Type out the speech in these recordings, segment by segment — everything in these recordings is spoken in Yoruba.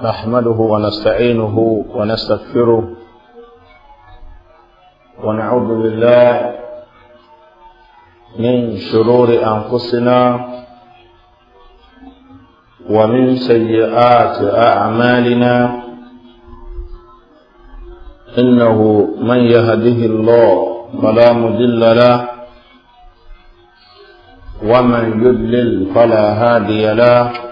نحمده ونستعينه ونستغفره ونعوذ بالله من شرور انفسنا ومن سيئات اعمالنا انه من يهده الله فلا مضل له ومن يضلل فلا هادي له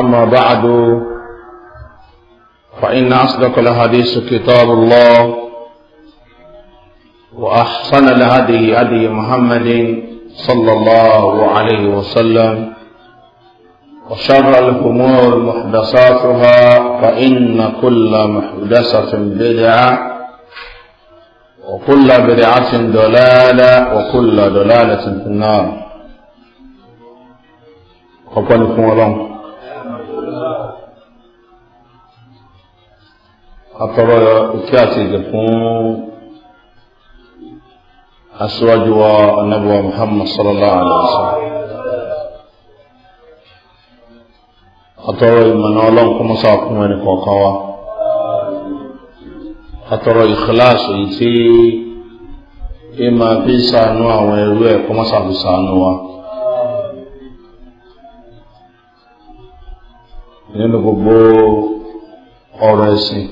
أما بعد فإن أصدق الحديث كتاب الله وأحسن الهدي هدي محمد صلى الله عليه وسلم وشر الأمور محدثاتها فإن كل محدثة بدعة وكل بدعة دلالة وكل دلالة في النار. أقول لكم atọrọ òkè àti ìdè fún aṣíwájú wa anabuwa muhammad sallallahu alaihi wa sallam atọrọ ìmọ̀nà ọlọ́run kọ́ mọ́sá fún ẹni kọ̀ọ̀kan wa atọrọ ìkíláàsì yìí tí ẹ máa fi àwọn ẹrú ẹ̀ kọ́ mọ́sá fi sànú wa. nínú gbogbo ọ̀rọ̀ ẹ̀sìn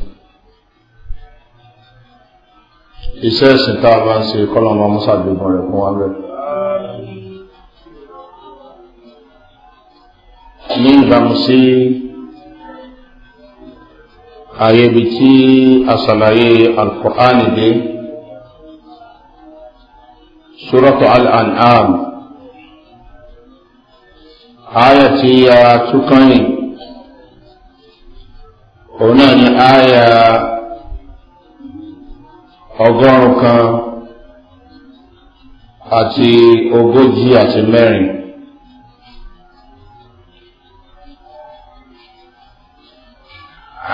iṣẹ́ ẹ̀sìn tá a bá ń ṣe kọ́lọ́mọ amúṣàgbégbọ̀n rẹ̀ fún wa bẹ́ẹ̀. ní ìbámu sí ààyè ibi tí àṣàlàyé alkùránì dé suratu al-an'am ààyè tí a túkàn yìí òun náà ni àyà ọgọ́rùn kan àti ogójì àti mẹ́rin.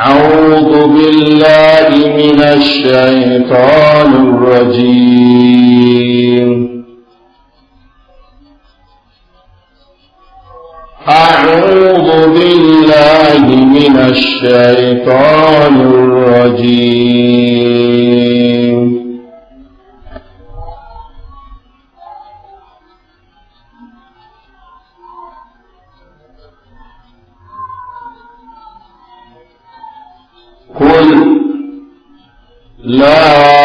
أعوذ بالله من الشيطان الرجيم أعوذ بالله من الشيطان الرجيم قل لا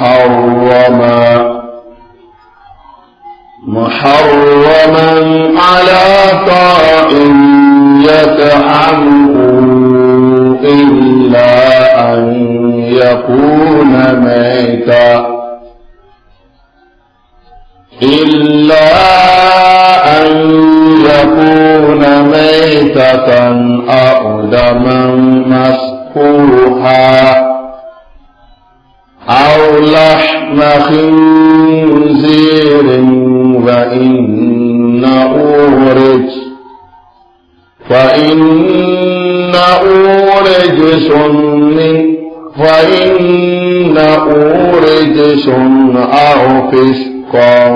محرما محرما على طائم يتعمه إلا أن يكون ميتا إلا أن يكون ميتة أو دما مسفوحا أو لحم خنزير فإن أورج فإن أورج من فإنه رجس أو فسقا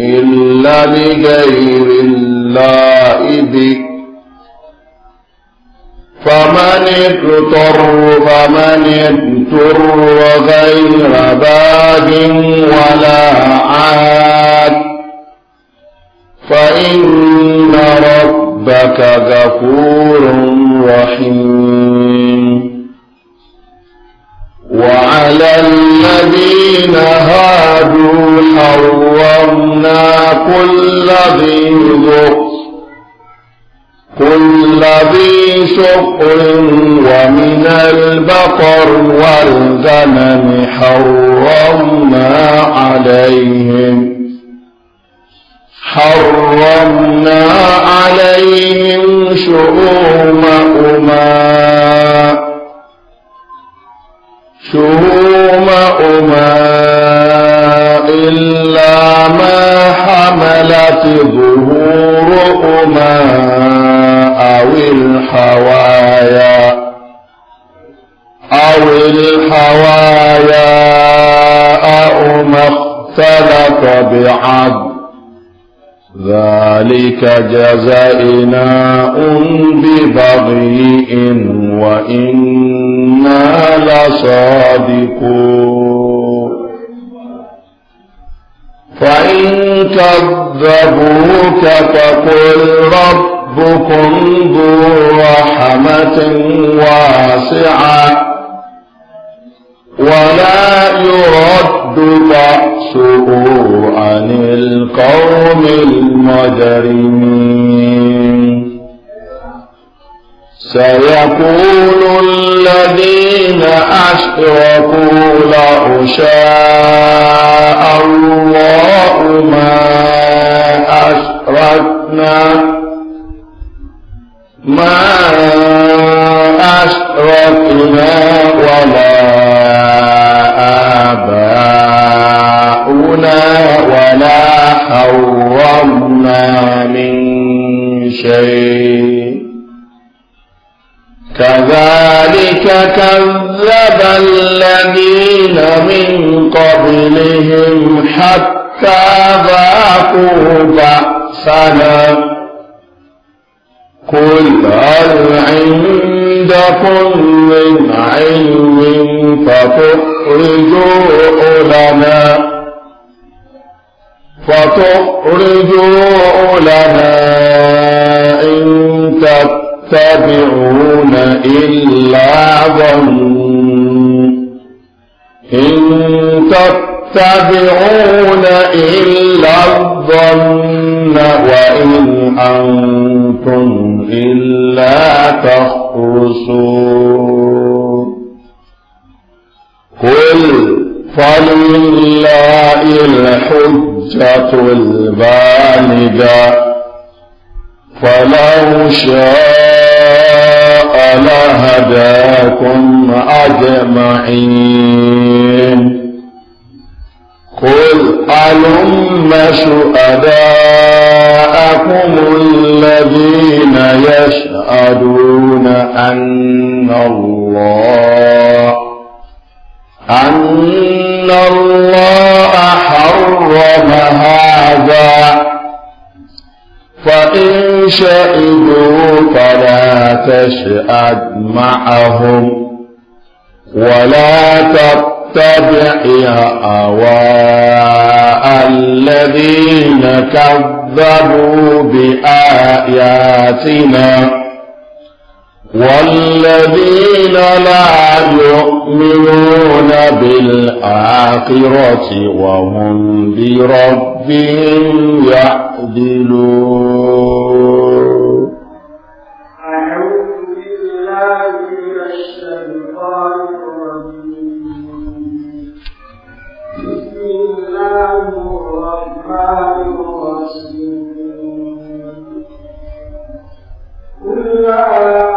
إلا لغير الله بك فمن اضطر فمن اضطر غير باد ولا عاد فإن ربك غفور رحيم وعلى الذين هادوا حرمنا كل ذي ذكر كل ذي شكر ومن البقر والغنم حرمنا عليهم حرمنا عليهم شؤومهما أمم. شؤومهما أمم. إلا ما حملت ظهورهما أمم. أو الحوايا أو الحوايا أو ما اختلط بعد ذلك جزائنا ببغي وإنا لصادقون فإن كذبوك فقل رب ربكم ذو رحمة واسعة ولا يرد بأسه عن القوم المجرمين سيقول الذين أشركوا لو شاء الله ما أشركنا ما أشركنا ولا آباؤنا ولا حرمنا من شيء كذلك كذب الذين من قبلهم حتى ذاقوا بأسنا قل هل عندكم من علم فتخرجوه لنا فتخرجوه لنا إن تتبعون إلا ظن إن تتبعون إلا الظن وإن أنتم كنتم إلا تخرسون قل فلله الحجة البالغة فلو شاء لهداكم أجمعين قل ألم شؤداءكم الذين يشهدون أن الله أن الله حرم هذا فإن شهدوا فلا تشهد معهم ولا تقل تتبع يا أواء الذين كذبوا بآياتنا والذين لا يؤمنون بالآخرة وهم بربهم يعدلون الرحيم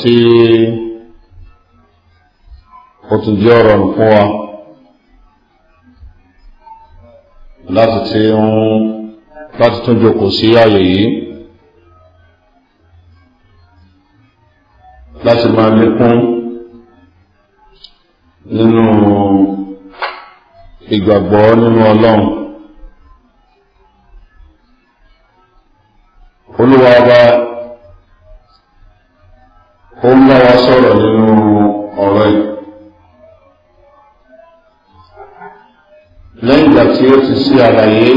tí ó tún jẹ́ ọ̀rọ̀ nǹkan wa láti ti ń láti tún jókòó sí ààyè yìí láti máa lékún nínú ìgbàgbọ́ nínú ọlọ́run. ń bá wa sọ̀rọ̀ nínú ọ̀rọ̀ yìí lẹ́yìn ìgbà tí ó ti sí àlàyé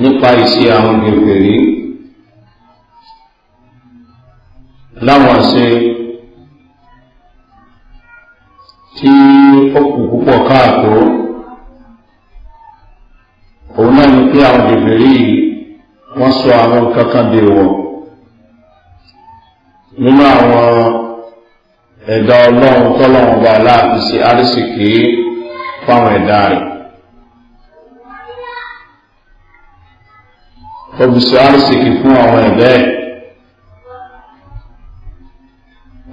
nípa ìṣe àwọn gbèrègbèrè láwọn àṣẹ tí ó kù púpọ̀ káàkó òun náà ni pé àwọn gbèrègbèrè yìí wọ́n sọ àwọn kankan dè wọ̀ nínú àwọn ẹ̀dá ọlọ́run tọ́lọ́run ọba aláàfin sí àrísìkí fáwọn ẹ̀dá rẹ̀ obìsí àrísìkí fún àwọn ẹ̀dá ẹ̀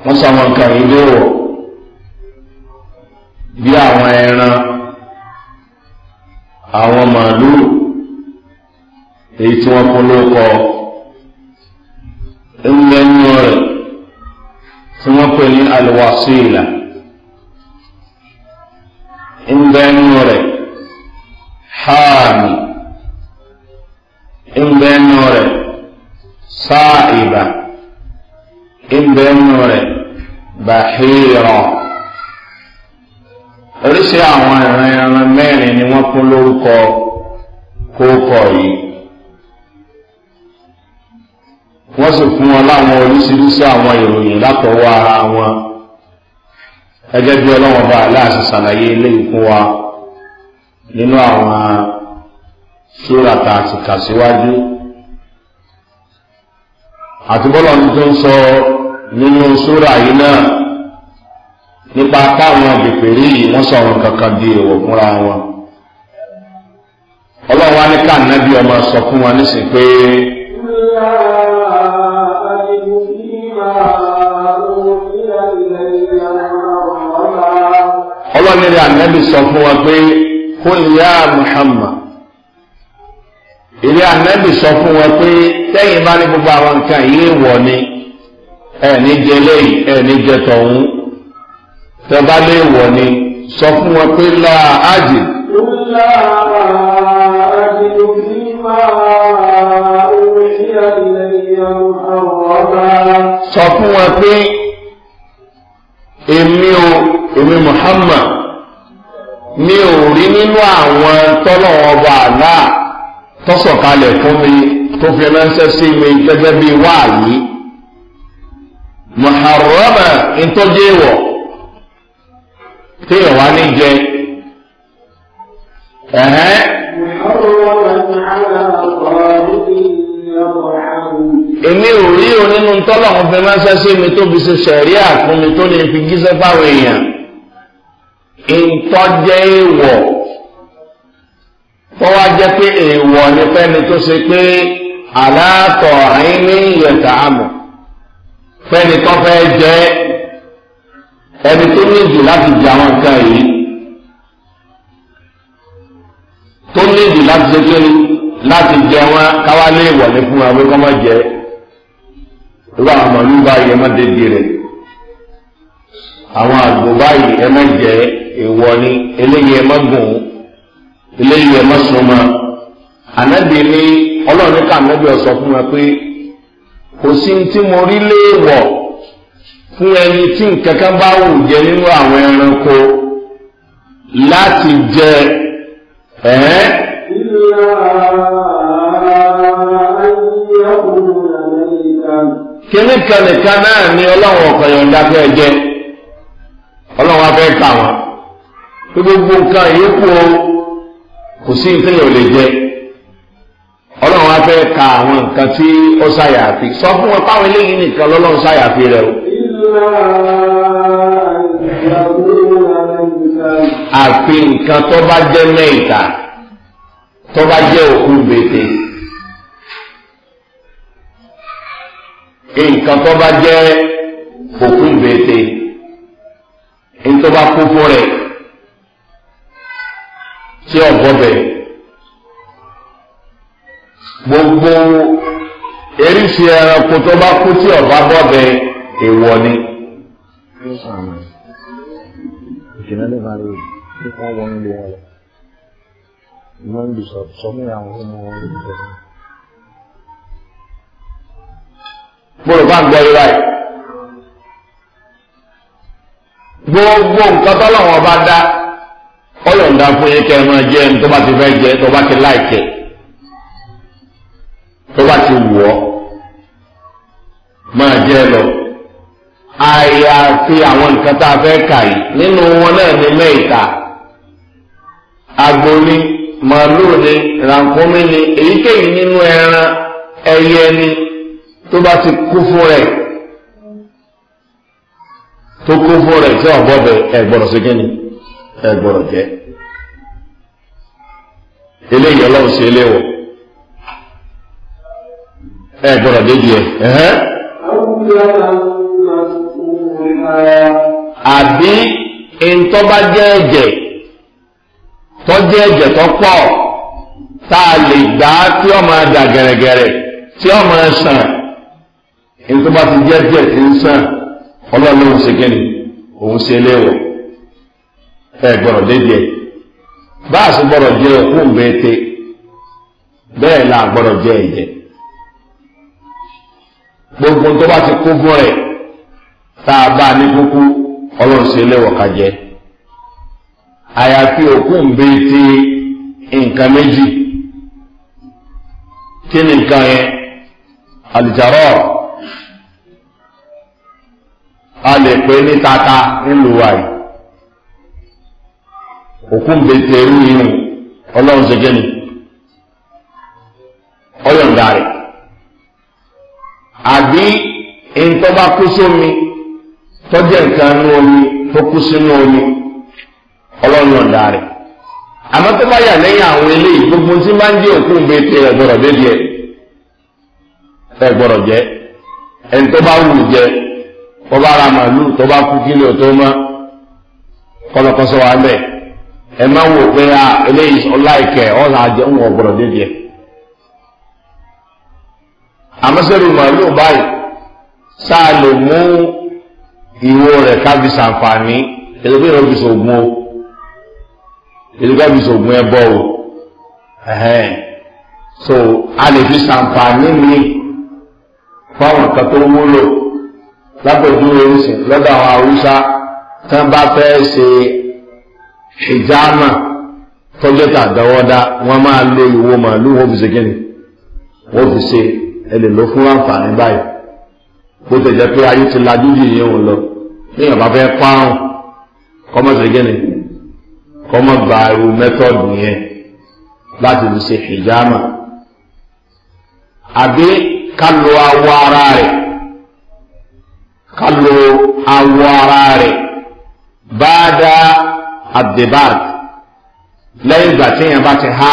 wọ́n sàwọn nǹkan yìí léwọ̀ bí àwọn ẹran àwọn màálùú èyí tí wọ́n kún ló kọ́ ẹ̀ rẹ̀ tí wọ́n pè ní alwasila ń bẹ nù rẹ̀ haami ń bẹ nù rẹ̀ sáàìbà ń bẹ nù rẹ̀ bàhírọ̀ oríṣi àwọn ìran ni wọ́n kún lórúkọ kókọ yìí. wọ́n sì fún wọn láwọn oríṣiríṣi àwọn ìròyìn látọwọ́ ara wọn gẹ́gẹ́ bí ọlọ́wọ́n bá aláàṣì ṣàlàyé ilé ìkún wa nínú àwọn súrata àti kàṣíwájú àti bọ́lọ̀ tó ń sọ nínú súra yìí náà nípa káwọn bèbèrè yìí wọ́n sọ̀rọ̀ kankan di fúnra wọn ọlọ́wọ́n á ní ká fún wọn nísìnyí pé. ọlọ́nìrì ànábì sọ fún wa pé kó ìyá Muhammad ìyá ànábì sọ fún wa pé tẹ́yìn bá ní gbogbo àwọn nǹkan yìí wọ̀ ni ẹ̀ẹ́ni jẹ lẹ́yìn ẹ̀ẹ́ni jẹ tọ̀hún bá ni sọ fún wa pé ájì. máa ń sọ fún wọn pé èmi o èmi muhammad mi ò rí nínú àwọn tọ́lọ́wọ́ ọba àlá tọ́sọ̀kalẹ̀ fún mi tó fi ránṣẹ́ sí mi gẹ́gẹ́ bí wáàyí muharrama ntọ́jú èèwọ̀ téèyàn wá ní jẹ ẹ̀hẹ́n. muharrama ala èmi ò rí o nínú tọ́lọ́run fẹ́ máa ṣẹ́ṣẹ́ mi tó fi ṣe ṣẹ̀ríà fún mi tó lè fi jíṣẹ́ fáwọn èèyàn ìtọ́jẹ́ èèwọ̀ tọ́wá jẹ́ pé èèwọ̀ ni fẹ́ni tó ṣe pé aláàtọ̀ àyín ní ìyẹ̀tà àmọ̀ fẹ́ni tó fẹ́ jẹ́ ẹni tó níjù láti jẹ àwọn nǹkan yìí tó níjù láti ṣe kí láti jẹ wọn káwá lé ìwọ̀lé fún wa pé kọ́ mọ́ jẹ́ irú àwọn màlúù báyìí ẹ má dédé rẹ̀ àwọn àgbò báyìí ẹ ni eléyìí ẹ má gùn eléyìí ẹ má ni ọlọ́run ní kànábì ọ̀sọ́ fún wa pé kò sí tí mo rí léèwọ̀ fún ẹni tí nǹkan bá wù jẹ nínú àwọn ẹranko láti kíní kan nìkan náà ni ọlọ́run ọ̀kan yọ̀ǹda fẹ́ jẹ ọlọ́run wa fẹ́ kà wọ́n pé gbogbo nǹkan yòókù o kò sí nǹkan yóò lè jẹ ọlọ́run wa fẹ́ ka àwọn nǹkan tí ó ṣàyàfi sọ fún wọn páwọn eléyìí nìkan lọ́lọ́run ṣàyàfi rẹ o. àfi nǹkan tó bá jẹ́ mẹ́ta tó bá jẹ́ òkú bètè. nǹkan tó bá jẹ́ òkun bèète nǹkan bá kú fún rẹ̀ tí ọ̀gbọ́n bẹ̀ gbogbo eríṣi ẹranko tó bá kú tí ọ̀bá bọ́ bẹ èèwọ̀ ni. Ìjìnlẹ̀ ń bìsọ̀ sọ́mú àwọn ọmọ wọn lè mo rò bá ń gbogbo nǹkan tọ́lọ́wọ́n bá dá ọlọ́ọ̀dá fún yín kẹrin tó bá ti fẹ́ jẹ tó bá ti láìkẹ tó ti wù ọ́ máa jẹ lọ. àyàfi àwọn nǹkan tá a fẹ́ kà yìí nínú wọn náà ní mẹ́ta ni ni rànkúnmí ni èyíkéyìí ni. tó bá ti kú fún rẹ̀ tó kú fún rẹ̀ tí ọ̀gbọ́n bẹ ẹ̀gbọ́dọ̀ sí kíni ẹ̀gbọ́dọ̀ jẹ́ eléyìí ọlọ́run ṣe eléwọ̀ ẹ̀gbọ́dọ̀ débi ẹ̀. àbí ntọ́ bá jẹ́ ẹ̀jẹ̀ tó jẹ́ ẹ̀jẹ̀ tó pọ̀ tá a lè gbà á tí ó máa dà tí ó máa sàn. ẹni tó bá ti jẹ́ díẹ̀ ti ń sàn ọlọ́run lòun òun ṣe léwọ̀ ẹ gbọ́dọ̀ dé bá la jẹ gbogbo tó bá ti kó gbọ rẹ̀ tá a bá a ní kúkú ọlọ́run ká a lè pè ní tata nílùú wa yìí òkú ihu, yìí ni ọlọ́run ni ọyọ̀ǹda rẹ̀ àbí nǹkan kú sómi tọ́jú nǹkan nú omi tó kú sínú omi ọlọ́run yọ̀ǹda rẹ̀ àmọ́ tó bá yà lẹ́yìn àwọn eléyìí gbogbo tí máa ń jẹ́ bọ́bá ara màálùú tó bá kú kílẹ̀ tó mọ́ kọ́lọ́kọ́sọ́ wa bẹ́ẹ̀ ẹ má wò pé a eléyìí ọláìkẹ́ ọ̀là àjẹ́ ń wọ̀ gbọ́dọ̀ débi ẹ̀. àmọ́sẹ́rù màálùú báyìí sáà lè mú ìwo rẹ̀ kábi sàǹfààní ẹ̀dọ́gbẹ́ ìrọ̀ bìsọ̀ ògùn o ẹ̀dọ́gbẹ́ bìsọ̀ ògùn ẹ bọ́ o so a lè fi sàǹfààní mi fáwọn kan tó wúlò lápẹ̀jú orísìn lọ́dọ̀ àwọn haúsá tán bá fẹ́ ṣe hijama tọ́jọ́ta àdáwọ́dá wọ́n máa lo ìwo màálù wọ́n fi ṣe kíni wọ́n fi ṣe ẹlẹ̀ ló fún àǹfààní báyìí bó tẹ̀jẹ́ pé ayé ti lajú yìí yẹn wọn lọ níyàn bá fẹ́ pààrùn kọ́mọ̀ ṣe kíni kọ́mọ̀ gba irú mẹ́tọ́ọ̀dù yẹn láti fi ṣe hijama àbí ká lo awọ ara rẹ̀ ká lo awọ ara rẹ̀ bá dá àdìbàd lẹ́yìn ìgbà tí èèyàn bá ti há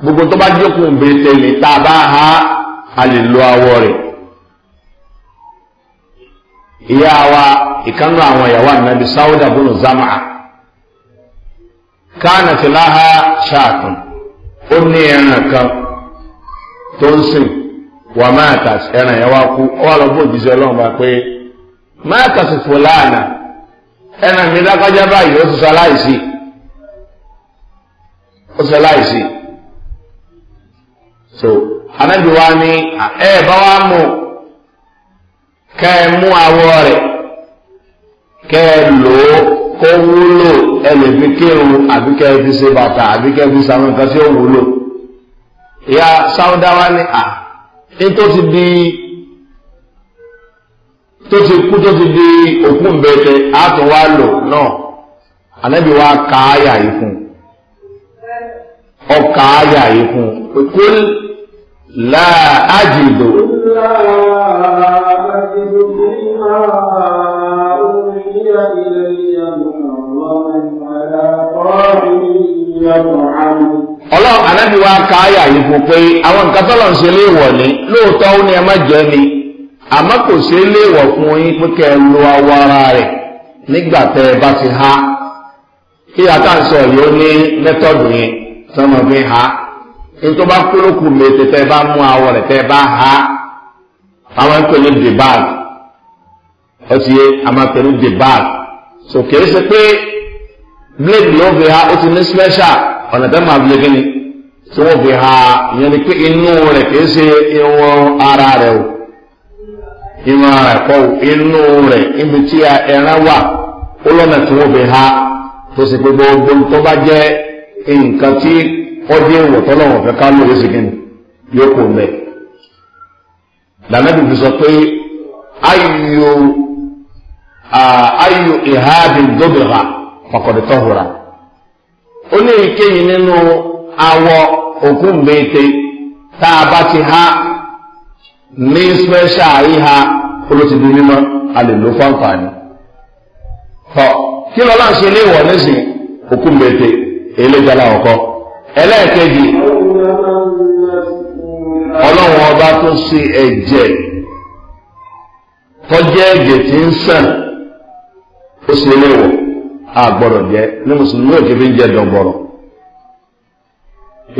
gbogbo tó bá jókòó bètèlè tá a bá há a lè lo awọ rẹ̀ ìyá wa ìkànnù àwọn ìyàwó ànábi sáwúdà bùnú zamaa kánà tìláha ṣáàtún ó ní ẹran kan tó ń sìn wà máa tà ẹran yẹn wá kú ọ wà lọ bó òjíṣẹ́ ọlọ́run bá pé máa tà sí mi lágbájá báyìí ó ti aláìsí ó ti aláìsí so anabi wa ni ẹ bá wa mú kẹ ẹ mú awọ rẹ kẹ ẹ lò ó kó wúlò ẹ lè fi kírun àbí kẹ ẹ fi ṣe bàtà àbí kẹ ẹ fi ṣàwọn nǹkan ó wúlò ìyá sáwọ́dá wa ni Ah, ní tó ti di tó ti kú tó ti di òkú bẹ̀tẹ̀ àtún wá lò náà ànábì wa kà á yà yìí fún ọkà á yà yìí fún kó láà ájìdò. يطعم ọlọ́run anábì wa ka ayà yìí fún pé àwọn nǹkan tọ́lọ̀ ń ṣe léèwọ̀ ni lóòótọ́ ó ní ẹ má jẹ́ ni àmọ́ kò ṣe é léèwọ̀ fún yín pé kẹ́ ẹ lo awọ ara rẹ̀ nígbà tẹ́ ẹ bá ti há kí ata ń sọ yìí ó ní mẹ́tọ́dù yẹn sọmọ fi há nítorí bá kúlókù mètè tẹ́ ẹ bá mú awọ rẹ̀ tẹ́ ẹ bá há àwọn ń pè ní debag ó ti yé a máa pè ní debag so kìí ṣe pé blade ló fi há ó ti ní special ọ̀nà tẹ́ máa fi kíni tí wọ́n fi ha ìyẹn ni pé inú rẹ̀ kìí ṣe irun ara rẹ̀ o irun ara rẹ̀ kọ́ inú rẹ̀ ibi tí ẹran wà ó lọ́nà tí wọ́n fi ha tó sì pé gbogbo tó bá jẹ́ nǹkan tí ọdún ìwọ̀ tọ́lọ́wọ̀n fẹ́ ká lóye sí kíni yóò kó mẹ́. lànàbì fi sọ pé ayò ayò ìhádìí dóbìrà ọkọ̀dẹ̀tọ̀hùrà. onu ekenyini n'ụlọ agwọ oku mberede taa abachi ha n'especial ha ọlọsi dị n'ụlọ alimdo fanfani. ka ịlọla nsona ịwụ ọnụ si oku mberede ele gala nkọ. Elee eke bi ọnụ ọgbatum si eje toje ege nsị osi na ewu. a gbọ́dọ̀ jẹ ní mùsùlùmí ò ti fi ń jẹ dọgbọrọ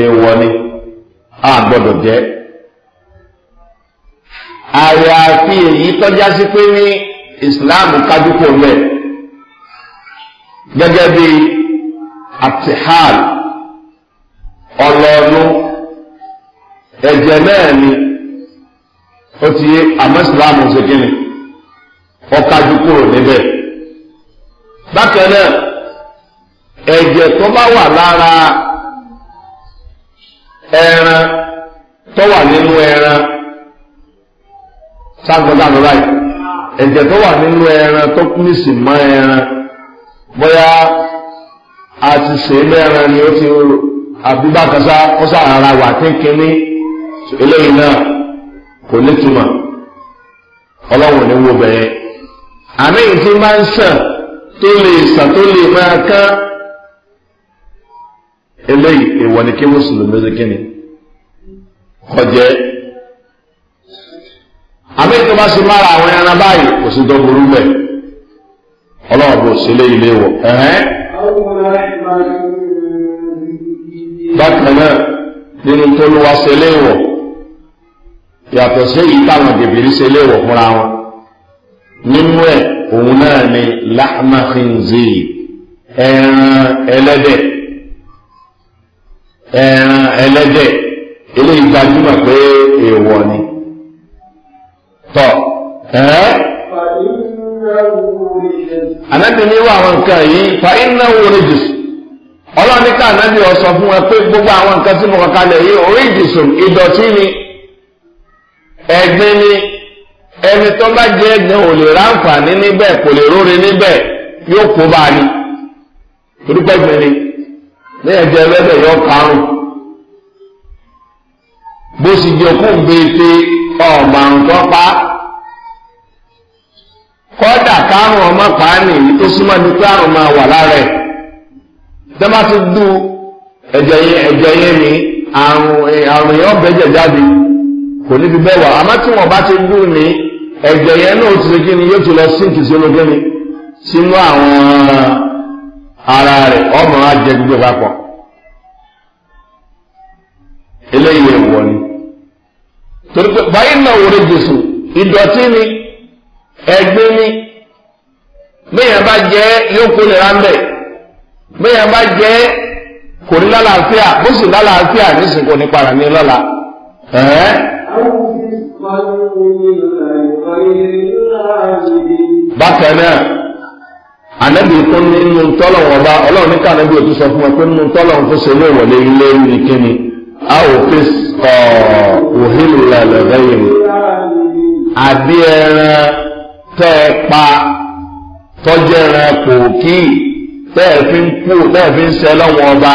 èèwọ̀ ni a gbọ́dọ̀ jẹ àyàfi èyí tọ́já sí pé ní islam kájú kò mẹ gẹ́gẹ́ bí atihal ọlọ́ọ̀nù ẹ̀jẹ̀ náà ni ó ti àmọ́ islam ṣe kí ni ọ̀kájú kúrò níbẹ̀. bákan náà ẹ̀jẹ̀ tó bá wà lára ẹran tó wà nínú ẹran láì ẹ̀jẹ̀ tó wà nínú ẹran tó mọ́ ẹran bóyá a ti sè mẹ́ran ni ó ti ó sàrara wà kínkínní tó lè sàn tó lè máa ká eléyìí èèwọ̀ ni kí mùsùlùmí ṣe kí ni kọjẹ́ àbí tó bá ṣe mára àwọn ẹran báyìí kò sí tó burú ọlọ́run bò sí ilé ilé wọ̀ bákan náà nínú tó ló wá ṣe ilé wọ̀ yàtọ̀ sí èyí táwọn bèbèrè ṣe ilé wọ̀ fúnra wọn nínú ẹ̀. òun náà ni lahma khinzir ẹran ẹlẹ́dẹ̀ ẹran ẹlẹ́dẹ̀ eléyìí ma pé èèwọ̀ ni tọ ẹ́ anabi ní wà àwọn fa iná wo rejìs ọlọ́ọ̀ni ká anabi ọ̀sọ̀ fún wa pé gbogbo àwọn nǹkan tí mo kọ̀ kalẹ̀ yìí oríjìsùn ìdọ̀tí ni. ẹni tó bá jẹ́ ẹgbẹ́ ò lè ráǹfààní níbẹ̀ kò lè róre níbẹ̀ yóò kó bá a ní ní yọ karùn bó sì jẹ́ kó ń gbé pé ọ̀mà nǹkan pa kọ́dà karùn ọmọ pàánì tó súnmọ́ ní karùn máa wà lára ẹ̀ dẹ́gbà tó dùn ẹ̀jẹ̀ yẹn ẹ̀jẹ̀ yẹn ni àrùn àrùn yẹn jáde ti dùn ẹ̀jẹ̀ yẹn náà ti ṣe kí ni yóò ti lọ sínkì sínú gíní sínú àwọn ara rẹ̀ ọmọ ajẹ gbogbo papọ̀ eléyìí èèwọ̀ ni báyìí náà wòlé jésù ìdọ̀tí ni ẹ̀gbin ni bẹ́ẹ̀ bá jẹ́ yóò kó lè ra bẹ́ẹ̀ bá jẹ́ kò ní lálàáfíà bó sì lálàáfíà bákan náà ànábì tó nínú tọ́lọ̀ wọn bá ọlọ́run ní kànábì òtún sọ fún wọn pé nínú tọ́lọ̀ tó ṣe lé ìwọlé ilé ní kíni a ò fi ọ̀ òhìlù lẹ́lẹ́rẹ́ yìí àbí ẹran tẹ́ ẹ pa tọ́jú ẹran kò kí tẹ́ ẹ fi ń kú tẹ́ ẹ fi ń ṣe lọ́wọ́n ọba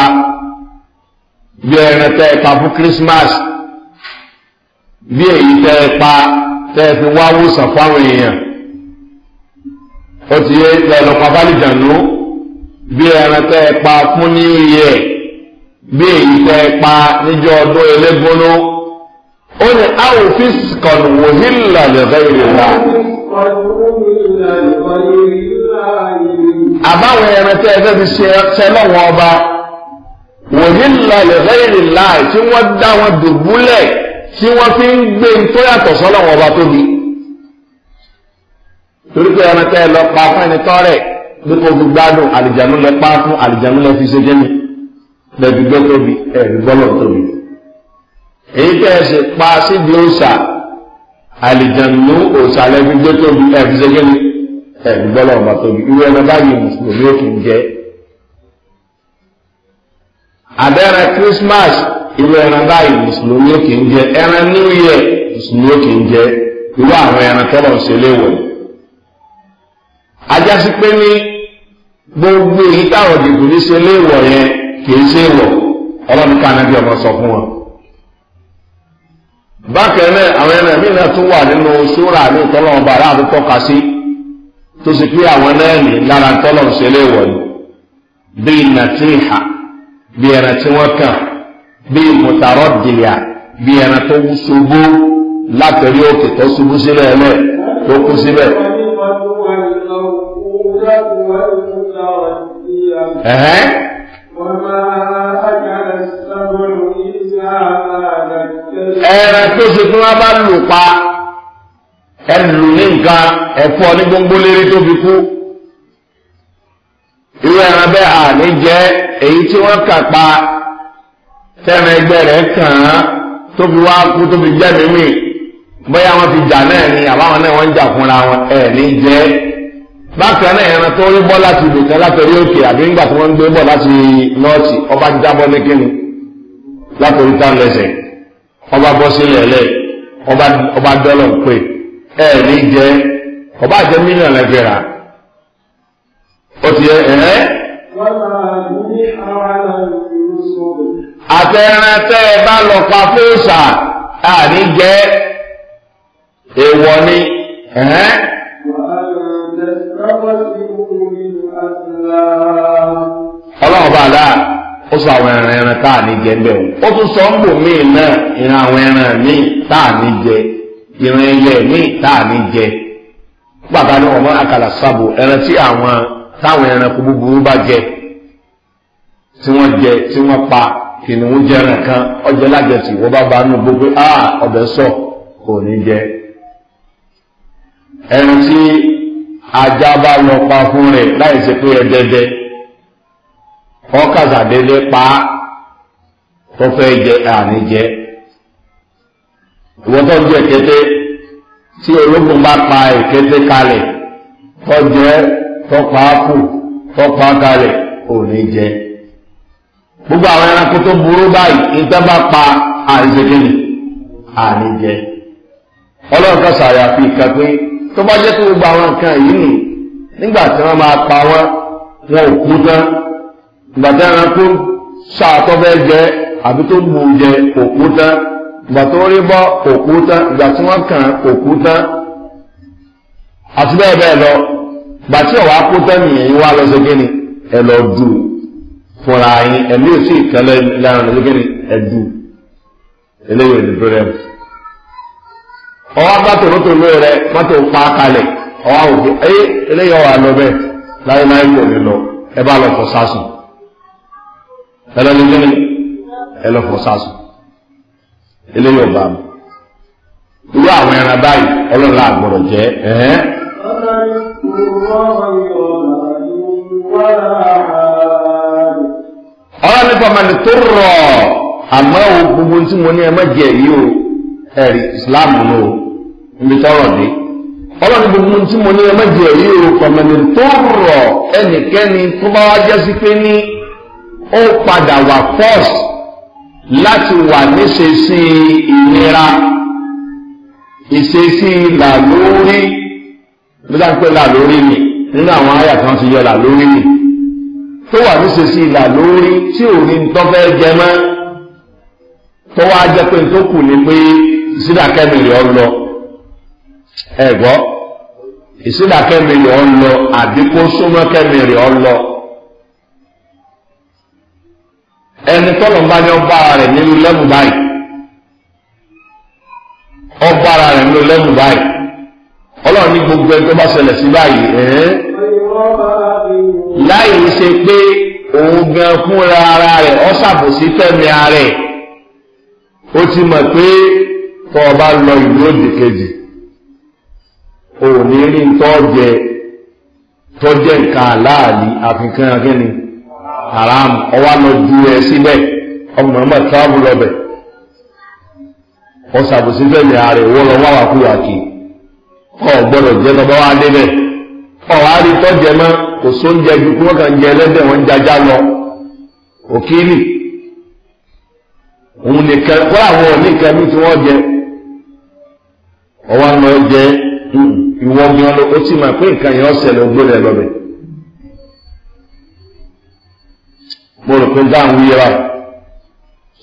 bí ẹran tẹ́ ẹ pa fún kírísímàsì bí èyí tẹ́ ẹ pa tẹ́ fi wá wòsàn fáwọn èèyàn ó ti yé lẹ́lọ́pàá bálìjànú bí ẹran tẹ́ pa fún ní iye ẹ̀ bí èyí tẹ́ pa níjọ́ ọdún elégbónú ó ní áwòfin kan wòhílà lẹ́fẹ́ ìrìnlá àbáwọn ẹran tẹ́ fẹ́ fi ṣe ṣẹlọ́wọ́n ọba wòhílà lẹ́fẹ́ ìrìnlá tí wọ́n dá wọn dùbúlẹ̀ tí wọ́n fi ń gbé tó yàtọ̀ sọ́lọ́wọ́n ọba tóbi torí pé ẹran tẹ́ ẹ lọ pa fún ẹni tọ́rẹ̀ bí kò fi gbádùn àlìjánu lẹ pa fún àlìjánu lẹ fi ṣe jẹ́mi lẹ́bi gbé tóbi ẹ̀rí gbọ́lọ̀ tóbi èyí tẹ́ ẹ sì pa síbi òòṣà àlìjánu òòṣà lẹ́bi gbé tóbi ẹ̀rí ṣe jẹ́mi ẹ̀rí gbọ́lọ̀ ọba tóbi irú ẹran báyìí mùsùlùmí ò jẹ́ abẹ́rẹ́ Christmas. irú ẹran báyìí mùsùlùmí òkè ń jẹ ẹran new year mùsùlùmí òkè ń jẹ irú àwọn ẹran tọ́lọ̀ ṣe léwọ̀ ajásí pé ní gbogbo èyí táwọn dìbò ní ṣe léwọ̀ yẹn kìí ṣe wọ̀ ọlọ́run ká nàbí ọmọ sọ fún wọn. bákan náà àwọn ẹran míì náà tún wà nínú ṣúra ní ìtọ́lọ́ ọba aráàlú tọ́ka sí tó sì pé àwọn náà ní lára tọ́lọ̀ ṣe bíi mùtàrọ dìlìà bíi ẹran tó wú ṣubú látẹrí òkè tó ṣubú sílẹ̀ ẹlẹ tó kú síbẹ̀. ẹran tó ṣe fún wa bá lù pa ẹ lù ní nǹkan ẹ̀fọ́ ní gbogbo lérí tó fi kú irú ẹran bẹ́ẹ̀ à jẹ́ èyí tí wọ́n kà pa tẹ́rin ẹgbẹ́ rẹ̀ kàn án tó fi wá kú tó fi jẹ́mi mì bóyá wọn ti jà náà ni àbáwọn náà wọ́n ń jà fúnra wọn ẹ̀ ní jẹ́ bákan náà ẹran tó rí bọ́ láti ibùkún látọrí òkè àbí nígbà tí wọ́n ń gbé bọ̀ láti nọ́ọ̀tì ọba jábọ́ ní kíni látọrí tán lẹ́sẹ̀ ọba bọ́ sílẹ̀ lẹ̀ ọba dọ́lọ̀ ń pè ẹ̀ ní jẹ́ ọba jẹ́ mílíọ̀nù ẹgbẹ̀rà ó ti yẹ ẹ̀ẹ́. àtẹran tẹ́ ẹ bá lọ pa fóòsà àní jẹ́ èèwọ̀ ni. ọlọ́run bá dáa ó sọ àwọn ẹran ẹran tá à jẹ ń bẹ̀ ó tún sọ ń bò míì náà ìran àwọn ẹran míì tá ní jẹ ìran ẹyẹ míì tá táwọn ẹranko búburú bá jẹ tí wọ́n jẹ tí wọ́n pa kìnìún jẹran kan ọjẹ lájẹsì wọ́n bá banú gbogbo a ah, ọbẹ̀ sọ kò ní jẹ ẹran tí ajá bá lọ pa fún rẹ̀ láì ṣe pé ẹdẹdẹ ọkàzàdédé pa á tó fẹ́ jẹ àní jẹ ìwọ́n tó ń jẹ kété tí ológun bá pa èkété kalẹ̀ tó jẹ́ tọ́pa kù tọ́pa kalẹ̀ ò ní jẹ gbogbo àwọn ẹranko tó burú báyìí ìtẹ́ bá pa àìsèkéyìn àní jẹ ọlọ́run kan ṣàyàfi kan pé tó bá jẹ́ pé gbogbo àwọn nǹkan yìí nì nígbà tí wọ́n máa pa wọ́n wọn ò kú tán ìgbà tí ẹranko fẹ́ jẹ àbí tó mú jẹ òkú tán ìgbà tó rí bọ́ tán ìgbà tí wọ́n gbàtí ọ̀wá kó tẹ́nu yẹn wá lọ ni ẹ lọ dù fúnra yín ẹ̀mí òsì ìkẹlẹ̀ lára lọ ségéni ẹ dù eléyìí ò ní bẹ̀rẹ̀ mu. ọwọ́ bá tòlótòló rẹ mọ́tò pa kalẹ̀ ọwọ́ òfin ẹ eléyìí ọ̀wá lọ bẹ́ẹ̀ láéláé kò ní lọ ẹ bá lọ fọ sásùn ẹ lọ ségéni ẹ lọ fọ sásùn eléyìí ọ̀bá mi. irú àwọn ẹran báyìí ọlọ́run àgbọ̀rọ̀ jẹ́ ẹ̀hẹ́n ọlọ́run nípa mẹ́ni tó rọ̀ àmọ́ o gbogbo tí mo ní ẹ má jẹ yìí o ẹ̀rí islam ní o níbi tọrọ dé ọlọ́run gbogbo tí mo ní ẹ má jẹ yìí o pàmẹ́ni tó rọ̀ ẹnikẹ́ni tó bá wá jẹ́ sí pé ní ó padà wà fọ́ọ̀sì láti wà níṣesí ìnira ìṣesí làlórí lọ́dà ń pè là lórí mi nínú àwọn àyà tí wọ́n ti yọ là lórí mi tó wà níṣesí là lórí tí ò ní tọ́fẹ́ jẹ mọ́ tó wá jẹ́ pé tó kù ni pé ìsídàkẹ́mi rẹ̀ ọ lọ ẹ̀gbọ́ ìsídàkẹ́mi rẹ̀ ọ lọ àbí kó súnmọ́kẹ́mi rẹ̀ ọ lọ. ẹni tọ́lọ̀ bá ní ọba rẹ̀ nínú lẹ́mù báyìí ọba rẹ̀ nínú lẹ́mù báyìí ọlọ́run ní gbogbo ẹni tó bá ṣẹlẹ̀ sí báyìí ẹ̀ẹ́n láì ṣe pé òun gan fúnra ara rẹ̀ ọ́ ṣàbòsí fẹ́mi ara ẹ̀ ó ti mọ̀ pé tọ́ ọ bá lọ ìlú òdì kejì òun ní rí tọ́ jẹ nǹkan aláàlí àfikún akínni haram ọwọ́ lọ ju ẹ síbẹ̀ ọmọ ọmọ tíráàbù lọ bẹ̀ ọ ṣàbòsí fẹ́mi ara ẹ̀ wọ́n lọ wá wàkúwà kì ọ gbọ́dọ̀ jẹ tọba wa débẹ̀ ọwọ́ àrí tọ́jẹ mọ́ kò sóúnjẹ ju kí wọ́n kàn jẹ ẹlẹ́dẹ̀ wọn jajá lọ òkìrì òun nìkan kó àwọn oníkan mi tí wọ́n jẹ ọwọ́ àmọ́ jẹ ìwọ gan ló ó ti mà pé nǹkan yẹn ọ̀sẹ̀lẹ̀ ògbóni ẹ̀ lọ́bẹ̀. mo rò pé dáhùn yẹra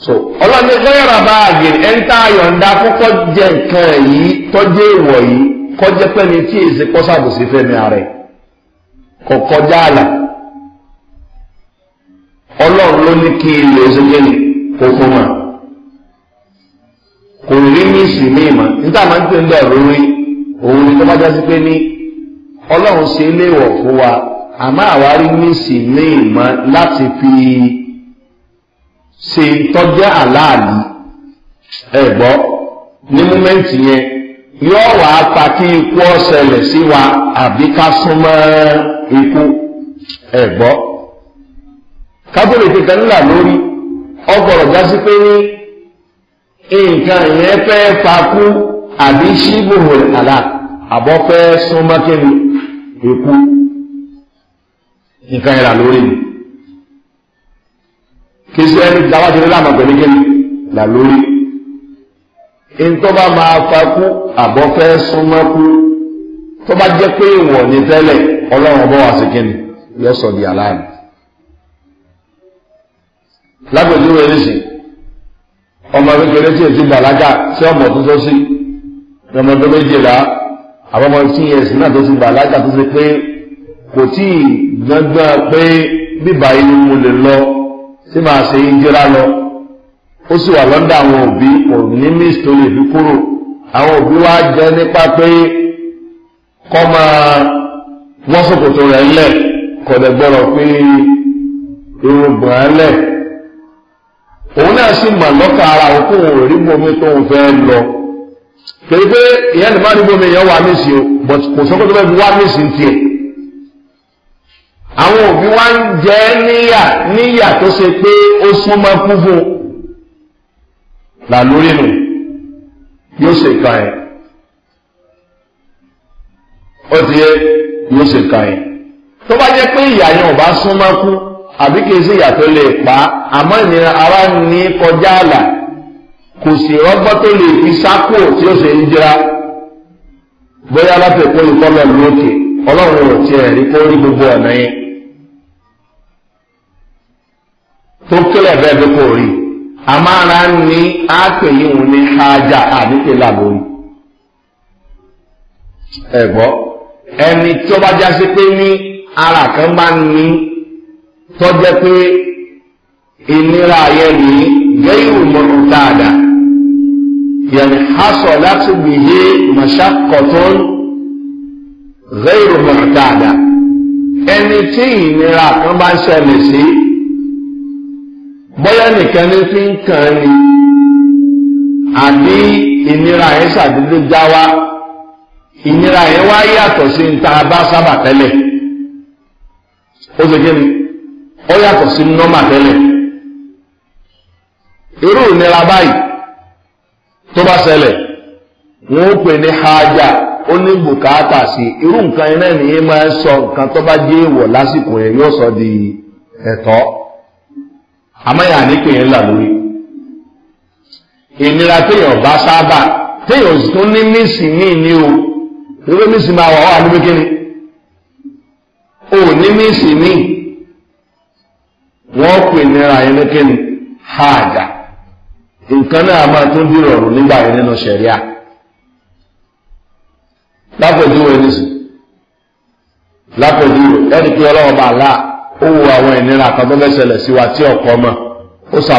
so ọlọ́ni gbọ́yọ̀rọ̀ bá àgbèrè ẹ̀ ń tá ayọ̀ ń da kọ́kọ́ jẹ nǹkan yìí tọ́jú èèwọ̀ yìí kọjá pé ni tí èsì pọ́sàbòsí fẹ́mi ààrẹ kò kọjá àlà ọlọ́run ló ní kí ilé oṣogẹ́ni kò fún wa kò rí ní ìsinmi ìmọ̀ níta máa ń pè ní ọ̀rọ̀ rí òun ni tó bá já pé ní ọlọ́run ṣe léèwọ̀ fún wa àmọ́ àwa rí ní ìsinmi ìmọ̀ láti fi ṣe tọ́jú àláàlì ẹ̀gbọ́ ní múmẹ́ǹtì yẹn yóò wá fa kí ikú ọ̀sẹ̀lẹ̀ sí wa àbí ká súnmọ́ ikú ẹ̀gbọ́. kábọ̀lì ti tẹ́lá lórí ọgbọ̀rọ̀ já sí pé ní nǹkan yẹn fẹ́ fakú àbí ṣíbùrù àlà àbọ̀ fẹ́ súnmọ́ kébi ikú nǹkan yẹn là lórí ni. kí sẹ́ni dáwájú ní láàmú pẹ̀lú là lórí ni ntọ́ bá máa fakú àbọ̀ fẹ́ súnmọ́kú tó bá jẹ́ pé ìwọ̀n ní tẹ́lẹ̀ ọlọ́run ọbọ̀ wá sí kíni yọ sọ di aláàánú. lápèjúwe níṣì ọmọ kékeré tí èsì bàlágà sí ọmọ tuntun sí ọmọ tó méjìlá àbọ̀mọ tí èsì náà tó ti bàlágà tó ti pé kò tí ì gbọ́ngbọ́n pé bíbá inú mo lè lọ sí màá ṣe ń lọ ó sì wà lọ́dọ̀ àwọn òbí kò ní miss tó lè fi kúrò àwọn òbí wa jẹ́ nípa pé kọ́ máa wọ́n sòkòtò rẹ̀ ńlẹ̀ kọ̀dẹ̀ gbọ́rọ̀ pé irùngbọ̀n ẹ̀ lẹ̀ òun náà sì mà lọ́kà ara òun kó òun rí bomi tó ń fẹ́ lọ pé pé ìyá nìbá ní bomi yẹn wà mísì o but kò sọ́kòtò bẹ́ẹ̀ fi wá mísì ń tiẹ̀ àwọn òbí wa ń jẹ́ níyà níyà tó ṣe pé ó súnmọ́ kú fún un là lórí nù yóò ṣe ka yẹn ó ti yẹ yóò ṣe ka yẹn tó bá jẹ́ pé ìyá yẹn ò bá sún mọ́ kú àbí kì í ṣe ìyà tó lè pa àmọ́ ìnira ara ní kọjá àlà kò sì rọ́gbọ́n tó lè fi sákò tí ó ṣe ń jira bóyá lápẹ̀kọ́ ìkọ́mọ̀ lókè ọlọ́run ò tiẹ̀ rí kó rí gbogbo ọ̀nà yẹn tó kílẹ̀ bẹ́ẹ̀ bí kò rí i àmàrà ní àpèyíhun ní hájà àdípè làbórí ẹ̀gbọ́ ẹni tí ó bá jásí pé ní ara kan bá ní tọ́jẹ́ pé ìnira yẹn ní yẹ́yìn mọ́nú dáadáa yẹn hásọ̀ láti gbìyé màṣákọ̀tún yẹ́yìn mọ́nú dáadáa ẹni tí ìnira kan bá ń ṣẹlẹ̀ sí. bóyá nìkan ní fi ń kàn ni àbí ìnira yẹn ṣàdúgbò já wa ìnira yẹn wá yàtọ̀ sí ní bá sábà tẹ́lẹ̀ ó ṣe kí ni ó yàtọ̀ sí nọ́mà tẹ́lẹ̀ irú ìnira báyìí tó bá ṣẹlẹ̀ wọ́n ó pè ní haja ó ní bùkátà sí irú tó bá jẹ́ àmọ́yà àníkè yẹn là lórí ìnira téèyàn bá sábà téèyàn tó ní nísìnyí ni o ewé nísìnyí máa wà wà níbi kíni o ní nísìnyí wọ́n pè nira yẹn ní kíni háàjà nǹkan náà máa tún dìrọ̀rùn nígbà yẹn nínú sẹ̀ríà lápẹ̀júwe nísìnyí lápẹ̀júwe ẹni pé ọlọ́wọ́ bá láà. ó wo àwọn ìnira kan tó fẹ́ sí wa tí ọkọ mọ̀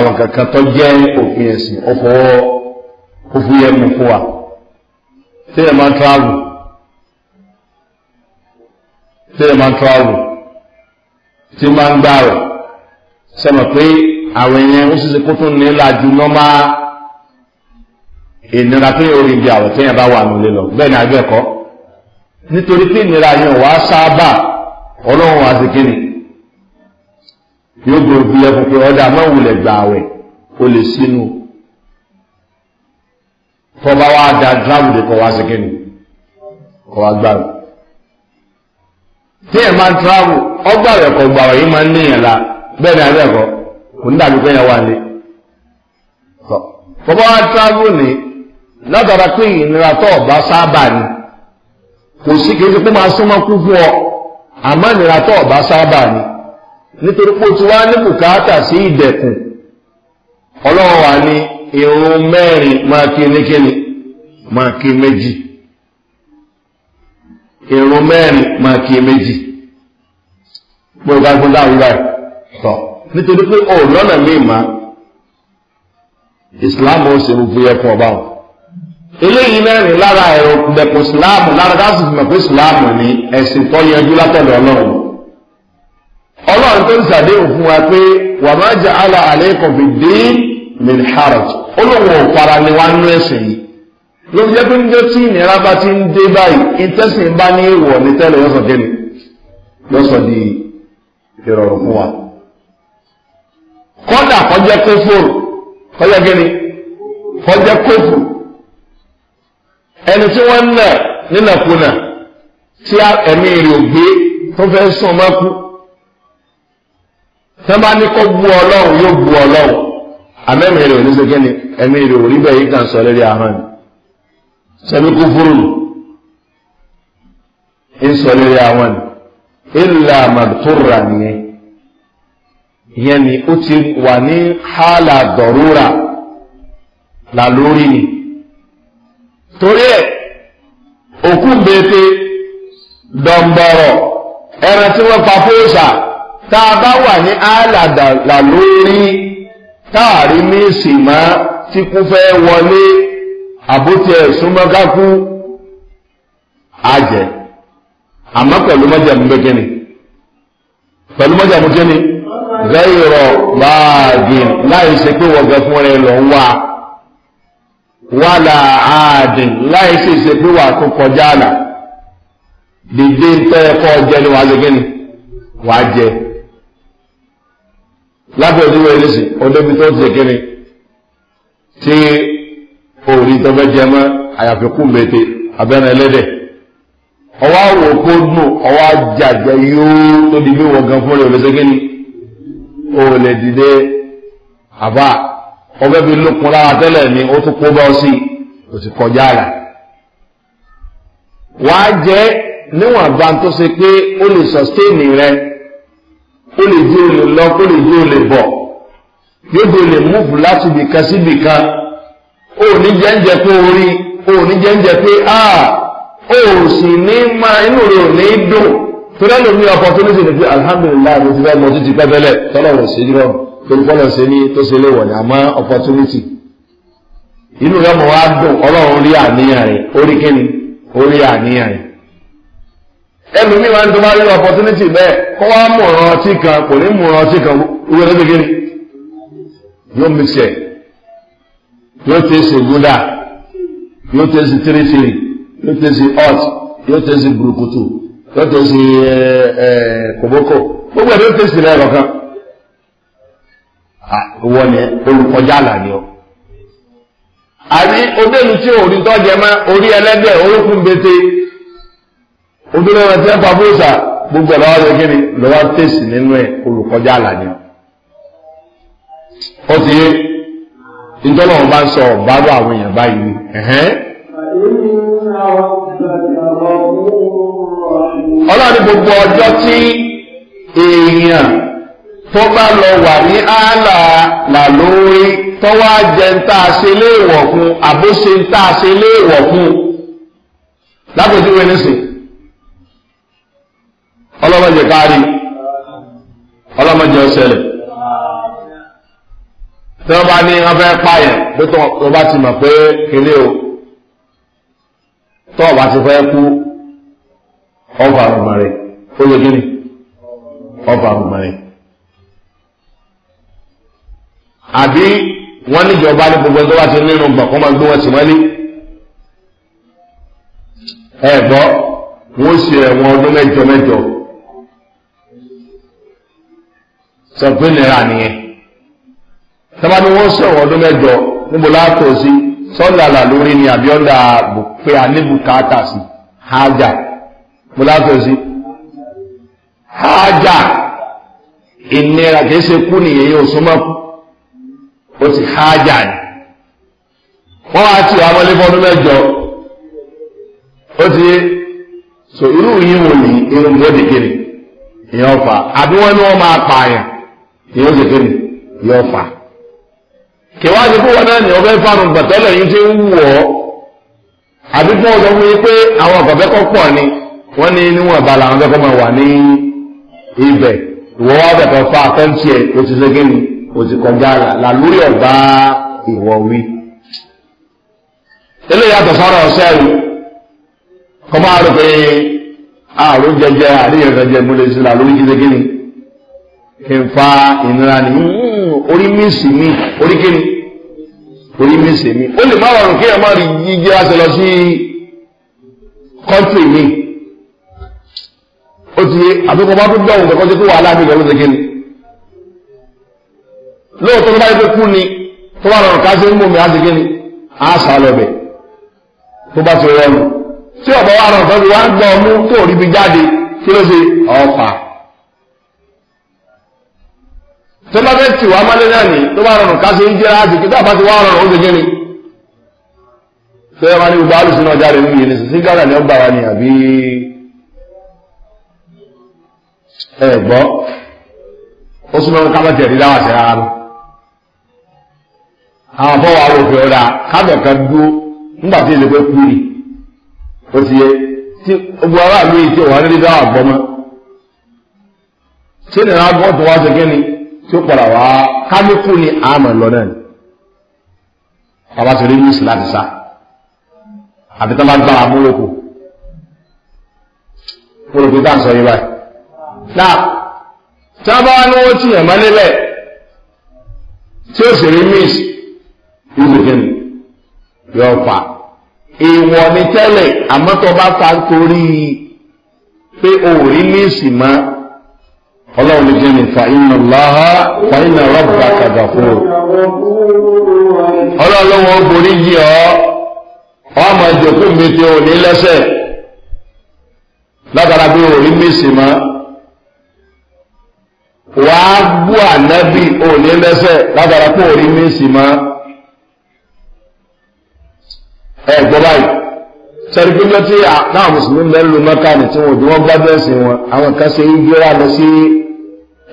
ó kankan tó jẹ́ òfin ẹ̀sìn ó fọwọ́ mú fún wa téèyàn máa ń travel téèyàn máa ń travel tí máa ń gbà rẹ̀ sọ̀rọ̀ pé àwọn èèyàn ó sì ṣe kó tún ní láàjú nọ́mà ìnira tó yẹ orí ibi àwọ̀ ni nítorí pé ìnira yẹn wàá sábà ọlọ́run wàá yóò gbé òbí ẹkùn ama ọdẹ àmọ́wùlẹ̀ gbà àwẹ̀ ó lè sínú tọba wa da dráàmù dị kọ wá sí kíni kọ gbà rẹ̀ tí ẹ̀ máa dráàmù ọgbà rẹ̀ gbà yìí máa ń níyàn la bẹ́ẹ̀ ni kò ní dàbí wa n máa súnmọ́ kú fún nítorí pé o ti wá ní bùkátà sí ìdẹ̀kùn ọlọ́run wà ní irun mẹ́rin máa kí níkíni máa kí méjì irun mẹ́rin máa kí méjì pé o bá gbọ́n dáhùn rẹ̀ tọ̀ nítorí pé o lọ́nà míì máa islam ó ṣe gbogbo yẹ fún ọba wọn eléyìí mẹ́rin lára ẹ̀rọ ìdẹ̀kùn islam lára dáhùn sí fi mọ̀ pé islam ní ẹ̀sìn tó yẹjú látọ̀dọ̀ ọlọ́run ọlọ́run tó ń sàdéhùn fún wa pé wà má jẹ́ àlà àlékún fi dín min haraj olóhùn òpara ni wá nú ẹ̀sìn yìí ló ń jẹ́ pé níjọ́ tí ìnira bá ti ń dé báyìí ìtẹ́sìn bá ní ìwọ̀ ní tẹ́lẹ̀ yọ́sọ̀ kéde yọ́sọ̀ di ìrọ̀rùn fún wa kọ́dà kọjá kófòrò kọjá kéde kọjá kófòrò ẹni tí wọ́n ń nà nínàkúnà tí ẹ̀mí rẹ̀ ò gbé tó fẹ́ sùn máa kú tán bá ní kó bu ọlọ́run yóò bu ọlọ́run àmẹ́mi rẹ̀ ní sẹ́kẹ́ ni ẹ̀mí rẹ̀ òrí bẹ́ẹ̀ yìí kàn sọ lórí ahọ́n ni sẹ́mi kú fúrú ń sọ lórí ahọ́n ni ìlà màtúrà nìyẹn ìyẹn ni ó ti wà ní hálà dọ̀rúrà là lórí ni torí ẹ̀ òkú bèète dọ̀m̀bọ̀rọ̀ ẹran tí wọ́n pa fóòsà tá a bá wà ní àlàdàlà lórí táàrí ní ìsìnmá tí kú fẹ́ wọlé àbótí ẹ̀sùn mọ́gákú àjẹ́ àmọ́ pẹ̀lú mọ́jàmú gbẹ́gẹ́ni pẹ̀lú mọ́jàmú gẹ́ni gẹ́rọ̀ báàgìn láì ṣe pé wọ́n gẹ fún rẹ lọ ń wá wà láàádìn láì ṣe ṣe pé wà tó kọjá àlà dìde ń tẹ́ ẹ̀kọ́ jẹ́ ni wàá jẹ́ gẹ́ni wàá jẹ́ lábẹ́ òdiwọ̀ ẹlẹ́sìn ọdẹ́bi tó ti kiri tí òòrì tọ́fẹ́ jẹ mọ́ àyàfi kú mbete abẹ́rẹ́ ẹlẹ́dẹ̀ ọwọ́ àwò kó dùn ọwọ́ àjàjẹ yóò tó di bí wọ́n gan fúnra òlẹ́sẹ̀ kí ni òòlẹ̀ dìde àbá ọbẹ̀ bí lókun lára tẹ́lẹ̀ ni ó tún kó bá ọ sí ó ti kọjá àlà wàá jẹ́ níwọ̀n bá tó ṣe pé ó lè sọ̀stéènì rẹ̀ ó lè o olè lọ kó lè di olè bọ yóò jẹ́ olè múùfù láti bìkan sí bìkan ó ní jẹ́ǹjẹ́ pé orí ó ní jẹ́ǹjẹ́ pé a ah, ó sì ní máa inú rẹ̀ ní dùn torí ẹlòmí ọkọ̀ tó ní sì ní alhamdulilayi mo ti fẹ́ mọ títí pẹ́bẹ́lẹ̀ tọ́lọ́run sí jùlọ torí sí ní tó ṣe opportunity inú rẹ̀ wá dùn ọlọ́run rí àníyàn rẹ̀ orí kíni orí àníyàn ẹlòmíì máa ń tó bá rí opportunity bẹ́ẹ̀ kó wá mú ọ̀ràn ọtí kan kò ní mú ọ̀ràn ọtí kan wúwo lóde kiri yóò mi sẹ̀ yóò tẹ̀ sí gúdà yóò tẹ̀ sí tírísìrì yóò tẹ̀ sí ọt yóò tẹ̀ sí burúkutu yóò tẹ̀ sí eh, eh, kòbókò gbogbo ẹ̀ yóò tẹ̀ sí lẹ́rọ̀ kan wọ́n ni olùkọjá àlàyé o àbí odélu tí ò rí tọ́jẹ́ mọ́ orí ẹlẹ́dẹ̀ orúkún bété. ojúlé wọn tí ń gbogbo ẹ̀ lọ́wọ́ kí ni lọ́wọ́ tẹ̀sí nínú ẹ̀ àlàní ó ti yé ìjọba wọn bá ń sọ ọ̀bárò àwọn èèyàn báyìí gbogbo ọjọ́ tí èèyàn tó bá lọ wà ní ààlà làlórí tọ́wọ́ ṣe léèwọ̀ fún àbóṣe ṣe léèwọ̀ fún ọlọ́mọdé kárí ọlọ́mọdé ọ̀sẹ̀lẹ̀ tí wọ́n bá ní wọ́n fẹ́ pààyàn pé tó wọ́n bá ti mọ̀ pé kéré o tó ọba ti fẹ́ kú ọba àrùmọ̀rẹ́ ó lè gíní ọba àrùmọ̀rẹ́ àbí wọ́n níjọba ní gbogbo tó bá ti nínú gbọ̀n kó máa gbé wọn sí wọ́n ní ẹ̀gbọ́ wọ́n sì ẹ̀wọ̀n ọdún mẹ́jọ mẹ́jọ. sọpụrụ pé nira nìyẹn sábàbí wọ́n sọ ọdún mẹ́jọ níbo látò sí sọ́ndàlà lórí ni àbí a pé anébùkátà sí hájà níbo látò sí hájà ìnira kìí ṣe kú nìyẹn yóò súnmọ́ ó ti hájà ni wọ́n wá ti mẹ́jọ ó ti so irú yìí wò ní àbí yóò ṣe kéde yóò fà kìwájú kó wọn náà ní ọbẹ̀ fáwọn gbàtọ́lẹ̀ yìí ti ń wọ̀ ọ́ àbí fún ọ̀dọ́ wọ́n yé pé àwọn ọ̀gọ̀bẹ́ kọ́ pọ̀ ni wọ́n ní níwọ̀n bá làwọn bẹ́ẹ̀ kọ́ máa wà ní ibẹ̀ ìwọ́ wá bẹ̀tọ̀ fa àtẹ́ǹtì ẹ̀ o ti ṣe kéde o ti kọjá là lórí ọ̀bá ìwọ̀ wí. eléyìí yàtọ̀ sára ọ̀sẹ́ yìí kọ́ máa rò pé àrùn ah, jẹjẹ àríyànjẹjẹ múlẹ̀ sí là lórí jíjẹ kéde ìfà ìnira ni hmm, orí mísì mi orí kíni orí mísì mi ó lè má rọrùn kí ẹ má rí jíjẹ aṣọ lọ sí kọ́ńtì mi ó ti àbíkọ bá tó dọ̀hùn kọ́kọ́ sí kó wàhálà mi lọ́wọ́ sí kíni lóòótọ́ tó bá yẹ kú ni tó bá rọrùn ká sí ń mú mi á á sá lọ bẹ̀ tó bá ti rọrùn tí ọ̀bọ̀ wa rọrùn tó ti wá ń gbọ́ ọmú tó rí bi jáde kí ló ṣe ọ̀pá. tọba bá fẹ́ tì wá mọ́lé náà ní tó bá rọrùn ká ṣe ń jẹ́ra àti kí tó ti rọrùn ni. fẹ́ẹ́ wọn gbogbo alùsùn náà jáde nínú yìí ní sísí ni ó gbà wá ní àbí ẹ gbọ́ ó dáwà sí àwọn ọ̀dà kábẹ̀ tí ó padà wá kálíkù ni àmọ̀ lọ náà ni bàbá ti rí níìsì láti sá àbí tó bá gbára múlòkù olùkú tá à ń sọ yìí báyìí náà tí a bá wá ní owó tí yẹn máa níbẹ̀ tí ó sì rí níìsì ìlú kí ni yóò fà ìwọ ni tẹ́lẹ̀ àmọ́ tó bá fa nítorí pé o ò rí níìsì mọ́ ọlọ́run ní kí ni fàyínà láha fàyínà rọ́bà kàgàfóró ọlọ́run ó borí yí ọ ọmọ ìjòkú mi tí ò ní lẹ́sẹ̀ látara bí ò rí mísì mọ́ wàá bú ànábì ò ní lẹ́sẹ̀ látara bí ò rí mísì mọ́ ẹ gbọ́ báyìí sẹ́ríkúnlẹ́tì náà mùsùlùmí lẹ́nu mọ́ká tí wọ́n gbádùn ẹ̀sìn wọn àwọn kan ṣe ń gbéra lọ sí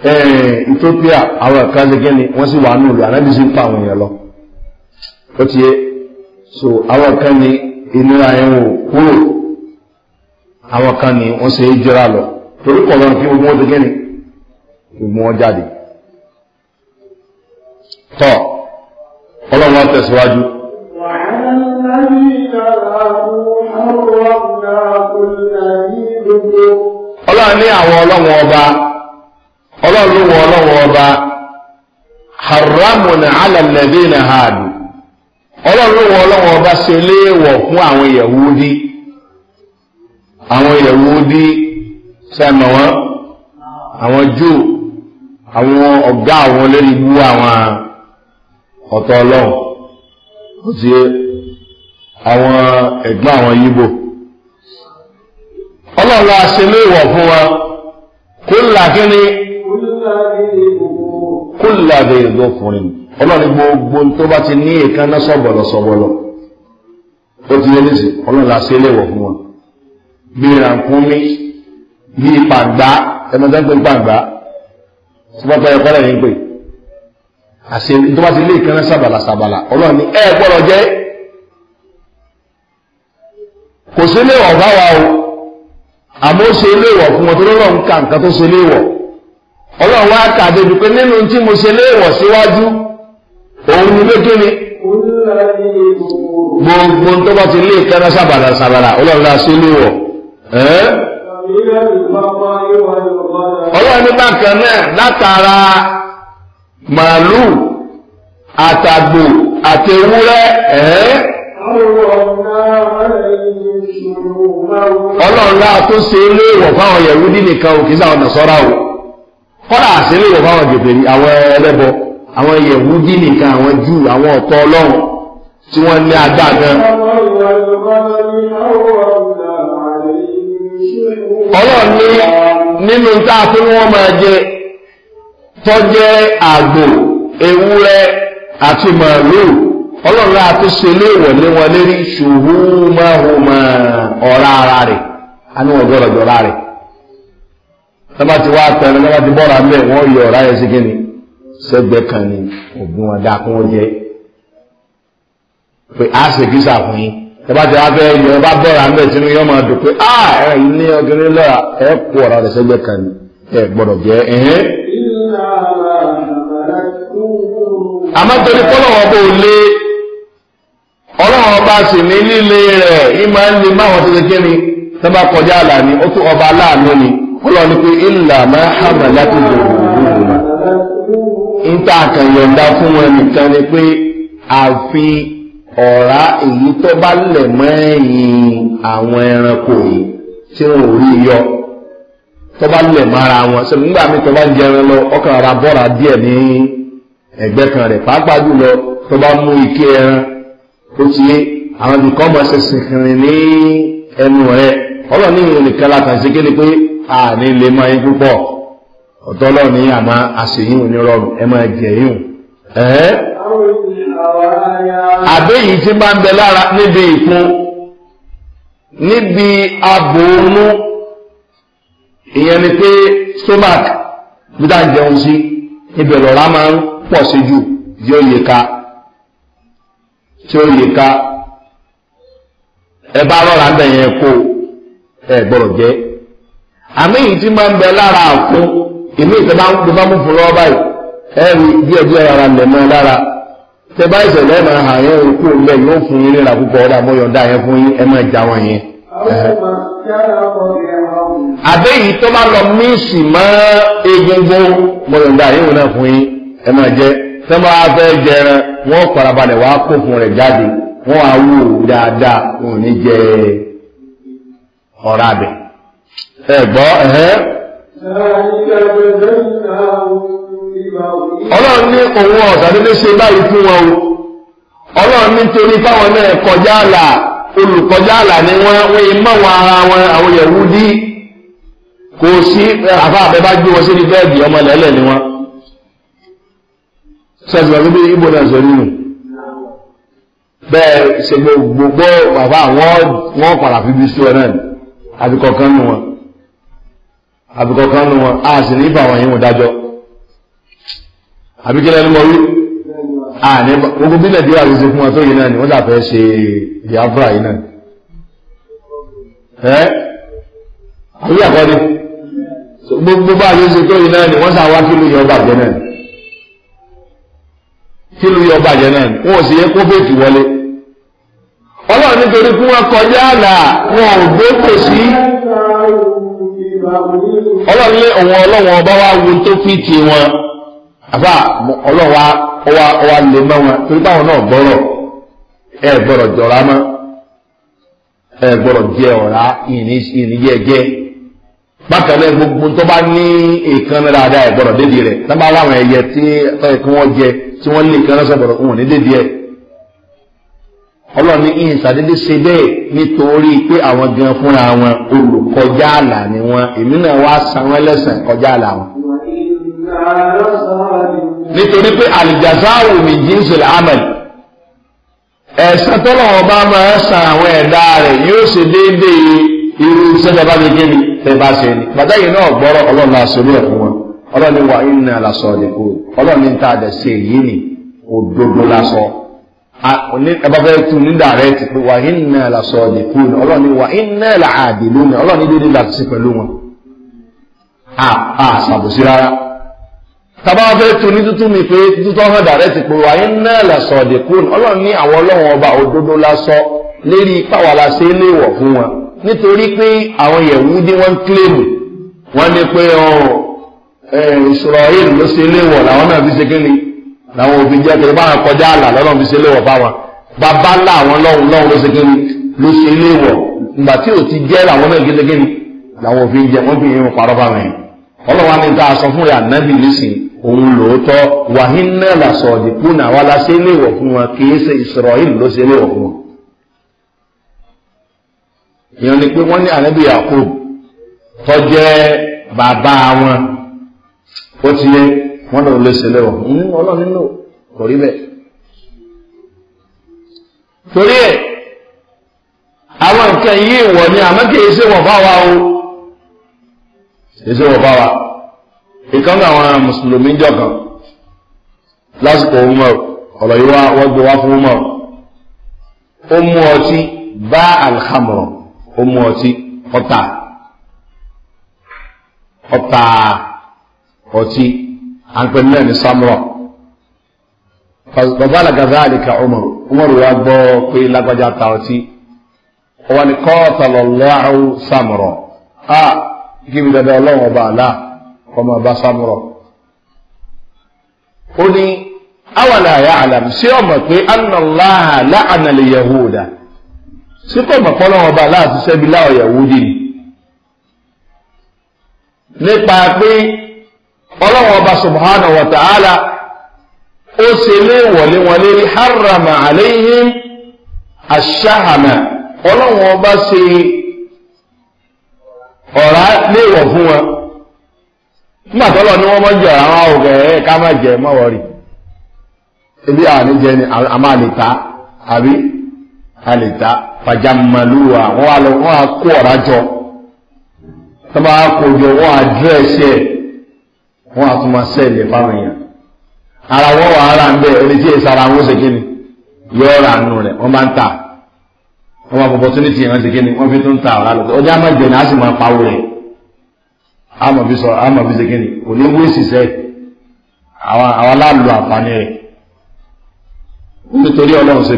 Eh, Ethiopia àwọn kan ṣe ni wọ́n sì wà ní òlù ànábì sí ń pa àwọn lọ ó ti so àwọn kan ni ìnira yẹn wò kúrò àwọn wọ́n ṣe é jọra lọ torí kọ̀ lọ́rùn ogun wọn ṣe kẹ́ni ogun wọn jáde tọ́ ọlọ́run wọn tẹ̀síwájú. ní àwọn ọba. ọlọ́run ló wọ ọlọ́wọ́ ọba haramun alalẹ́dínà hàdù ọlọ́run wọ ọba ṣe léèwọ̀ fún àwọn yahudi àwọn yahudi sẹ́mọ̀ wọn àwọn Jù àwọn ọ̀gá àwọn lórí àwọn ọ̀tọ̀ ọlọ́run àwọn ẹ̀gbọ́n àwọn ọlọ́run léèwọ̀ fún wọn kó kúlà bẹ̀rẹ̀ lọ́kùnrin ọlọ́run gbogbo tó bá ti ní èékánná sọ̀bọ̀lọ̀ sọ̀bọ̀lọ̀ ó ti yẹ lẹ́sìn ọlọ́run la ṣe léwọ̀ fún wọn bí rànkúnmí bí pàgbá ẹnìtẹ́gbẹ́ pàgbá tí wọ́n tọ́ ẹ̀kọ́ lẹ́yìn pé àṣẹ tó bá ti ní èékánná sàbàlà sàbàlà ọlọ́run ní gbọ́dọ̀ jẹ́ kò sí léwọ̀ báwa o àmọ́ ó ṣe léwọ̀ fún wọn tó lọ́rọ̀ ń ka nǹkan tó ṣe léwọ̀ ọlọ́run wá kàdé dùpé nínú tí mo ṣe léèwọ̀ síwájú òun ni pé kíni gbogbo tó bá ti lé ìkẹ́rẹ́ sàbàdà sàbàdà ọlọ́run láti léèwọ̀ ọlọ́run ní bákan náà látara màálù àtàgbò àti ewúrẹ́ ọlọ́run tó ṣe léèwọ̀ fáwọn òkè sáwọn nàṣọ́ra o. kọ́lá àṣírí ìwọ̀n fáwọn jẹ̀bẹ̀rí àwọn ẹlẹ́bọ àwọn yẹ̀wúdí nìkan àwọn jù àwọn ọ̀tọ́ ọlọ́run tí wọ́n ní agbá gan. ọlọ́run ní nínú tá a fún wọn máa jẹ tọ́jẹ́ àgbò ewúrẹ́ àti màálùú ọlọ́run náà tún ṣe léèwọ̀ lé wọn lérí ṣùgbọ́n máa hùwà ọ̀rá ara rẹ̀ a ní wọn gbọ́dọ̀ jọra rẹ̀ lọ́ba ti wá tẹnu lọ́ba ti bọ́ra ń bẹ̀ wọ́n yọ ọ̀rá yẹn sí kíni sẹ́gbẹ́ kan ni ògùn ọ̀dà kún jẹ́ pé a sì kí sàfún yín lọ́ba ti wá bẹ́ẹ̀ yọ ọba bọ́ra ń bẹ̀ sínú yọ́n dùn pé a ah, ẹ̀ ní ọkùnrin lọ́ra ẹ̀ kú ọ̀rá rẹ̀ sẹ́gbẹ́ kan ni ẹ̀ gbọ́dọ̀ jẹ́ ẹ̀hẹ́n. àmọ́ torí kọ́lọ́wọ́ bó lé ọlọ́run ọba sì ní líle rẹ̀ ìmọ̀ ń le máwọn tó ti ni tọ́ bá ni ó tún ọba ọlọ́run ni pé ìlà máa hàmà láti ìjọba ń tà kàn yọ̀ǹda fún wọn nìkan ni pé àfi ọ̀rá èyí tó bá lẹ̀ mọ́ ẹ̀yìn àwọn ẹranko yìí tí wọn ò rí yọ tó bá lẹ̀ mára wọn ṣe nígbà mi tó bá ń jẹun lọ ọkàn ara bọ́ra díẹ̀ ní ẹ̀gbẹ́ kan rẹ̀ pàápàá jùlọ tó bá mú ike ẹran ó ti yé àwọn ibìkan ọmọ ṣe sìnkìrìn ní ẹnu rẹ̀ ọlọ́ọ̀ni ìrìn nìkan la kàn ni pé àní lè mọ́ yí púpọ̀ ọ̀tọ́lọ́ ní àmà àṣèyìn onírọ̀rùn ẹ máa jẹ̀yìn ẹ̀ẹ́ àbẹ́yì tí bá ń bẹ lára níbi ìkun níbi abòónú ìyẹn ni pé stomach bí dá jẹun sí ibẹ̀ lọ́ra máa ń pọ̀ sí jù tí ó yẹ ká tí ó yẹ ká ẹ bá rọra ń bẹ̀yẹn kó ẹ gbọ́dọ̀ jẹ́ àmì yìí ti máa ń bẹ lára àkún ìmí ìtẹ́bá ń gbọ́n mú fún lọ́wọ́ báyìí ẹ̀rí díẹ̀ díẹ̀ ara lẹ̀ mọ́ lára tẹ bá ìṣẹ̀lẹ̀ máa hà yẹn òkú lẹ̀ yóò fún yín níra púpọ̀ ọ̀dà mọ́ yọ̀ǹda yẹn fún yín ẹ máa já wọn yẹn. àbẹ́ yìí tó bá lọ míìsì mọ́ egungun mọ́ yọ̀ǹda yẹn náà fún yín ẹ máa jẹ tẹ́ bá fẹ́ jẹran wọ́n farabalẹ̀ wàá kó fún rẹ̀ jáde wọ́n á wò dáadáa wọn jẹ ọ̀rá bẹ̀. ẹ̀gbọ́ ẹ̀hẹ́ ọlọ́run ní òun ṣe báyìí fún wọn o ọlọ́run nítorí fáwọn náà kọjá àlà olùkọjá àlà ni wọ́n wọ́n yìí mọ́ wọn ara wọn àwọn dí kò sí àfa àbẹ bá gbé wọn sí ní bẹ́ẹ̀dì ọmọ lẹ́lẹ̀ ni gbogbo bàbá bí náà àbíkọ̀kan nù wọn àbíkọ̀kan nù wọn a sì ní ìfà wọ̀nyí wọn dájọ́ àbíkílẹ̀ ní mọ̀rí gbogbo bí nàìjíríà ló ṣe fún wọn tó yìí náà ni wọ́n dàfẹ́ ṣe biafra yìí náà ẹ́ àbí àkọ́ni gbogbo bá ló ṣe tó yìí náà ni wọ́n sàwá kí ló yọ bàjẹ́ náà kí ló yọ bàjẹ́ náà wọ́n sì yẹ kó bèèkì wọlé ọlọ́run nítorí fún wọn kọjá àlà wọn ò gbókò sí ọlọ́run lé òun ọlọ́run ọba wa wo tó fi ti wọn àbá ọlọ́run wa ọwa lè mọ́ wọn torí báwọn náà gbọ́rọ̀ ẹ gbọ́rọ̀ jọra mọ́ ẹ gbọ́rọ̀ jẹ ọ̀rá ìníjẹ́jẹ́ bákan náà gbogbo tó bá ní èèkan dáadáa ẹ gbọ́rọ̀ dédìí rẹ̀ tábà láwọn ẹyẹ tí wọ́n jẹ tí wọ́n lè kan náà sọ̀rọ̀ wọn ò ní dédìí ẹ̀ ọlọ́run ní ìyìn sàdédé ṣe bẹ́ẹ̀ nítorí pé àwọn gan fúnra wọn olùkọjá àlà ni wọn èmi náà wá san wọn lẹ́sàn kọjá àlà wọn. nítorí pé àlìjàsáwò mi jíǹsì lámẹ̀l ẹ̀sán tọ́lọ́wọ́ bá máa san àwọn ẹ̀dá rẹ̀ yóò ṣe déédéé irú iṣẹ́ tẹ́ bá ṣe kí ni tẹ́ bá ṣe ni pàtàkì náà gbọ́rọ̀ ọlọ́run náà ṣe lóyè fún wọn ọlọ́run ní wàá ìnà làṣọ ọ̀dẹ̀kù ẹbá fẹ́ tu ní dàrẹ́tì pé wà iná là sọ ọ̀dẹ̀kú ni ọlọ́run ni wà iná là àdìlú ni ọlọ́run ni dédé láti sí pẹ̀lú wọn. a a ṣàbòsí rárá. tábà wọn fẹ́ tu ní tútù mi pé tútù ọ̀hún dàrẹ́tì pé wà iná là sọ ọ̀dẹ̀kú ni ọlọ́run ni àwọn ọlọ́run ọba òdodo la sọ lérí ipá wa la ṣe é léwọ̀ fún wọn. nítorí pé àwọn yẹ̀wù dí wọ́n kílèmù wọ́n ní pé ìṣòro oh, ayélujára eh, ló ṣe léwọ̀ làwọn náà fi ṣe kíni làwọn òfin jẹ́ kiri báwọn kọjá àlà lọ́lọ́run fi ṣe léwọ̀ fáwọn bàbá ńlá àwọn lọ́hùn lọ́hùn ló ṣe kiri ló ṣe léwọ̀ ìgbà tí ò ti jẹ́ làwọn náà gẹ́gẹ́ kiri làwọn òfin jẹ wọ́n fi yẹn parọ́ yẹn ọlọ́wọ́n sọ fún yà nábì nísìn òun lòótọ́ wàhín náà náà wá léwọ̀ fún wọn kì í ṣe wọ́n lọ lè ṣe lẹ́wọ̀n nínú ọlọ́run nínú kò rí bẹ́ẹ̀. torí ẹ̀ àwọn nǹkan yìí wọ̀ ni àmọ́ kì í ṣe wọ̀ bá wa o kì í ṣe wọ̀ bá wa ìkan náà àwọn mùsùlùmí jọ̀kan lásìkò ọmọ ọ̀rọ̀ yìí wọ́n gbé wá fún ọmọ ó mú ọtí bá alhamdulilayi ó mú ọtí ọta ọta ọtí à ń pè ní ẹni samura bàbá gazalika umaru umaru wa gbọ́ pé lágbájá ta ọtí wọn ni qatallallahu samura a gíbi dandan ọlọ́run ọba àlá ọmọ ọba samura ó ní awàlà ya'lam sí ọmọ pé annallaha la'ana al-yahuda sí kò mọ̀ pọ́nlọ́run ọba àlá àti sẹ́bi láwọ̀ yahudi nípa pé. ọlọ́wọ́n ọba subhanahu wa ta'ala ó ṣe léèwọ̀lé wọn lérí harama aléhìn ọba ọ̀rá léèwọ̀ fún wọn nígbà tọ́lọ̀ ni wọ́n mọ́ jẹ àwọn ká má jẹ mọ́ wọ́rì ebi àwọn ni a máa lè ta àbí a lè ta kó ọ̀rá jọ dírẹ́sì wọ́n á tún máa sẹ́ẹ̀lì ara wọn ara ń bẹ ẹni tí èsì ara wọn ṣe kí ni yóò ra nù rẹ wọ́n máa ń tà wọ́n máa pọ̀pọ̀ tó ní tìyàn ṣe kí ni fi tún ta ọjà máa ní a sì máa pawó fi sọ a fi ṣe kí ni kò ní àwọn aláàlú àǹfààní nítorí ṣe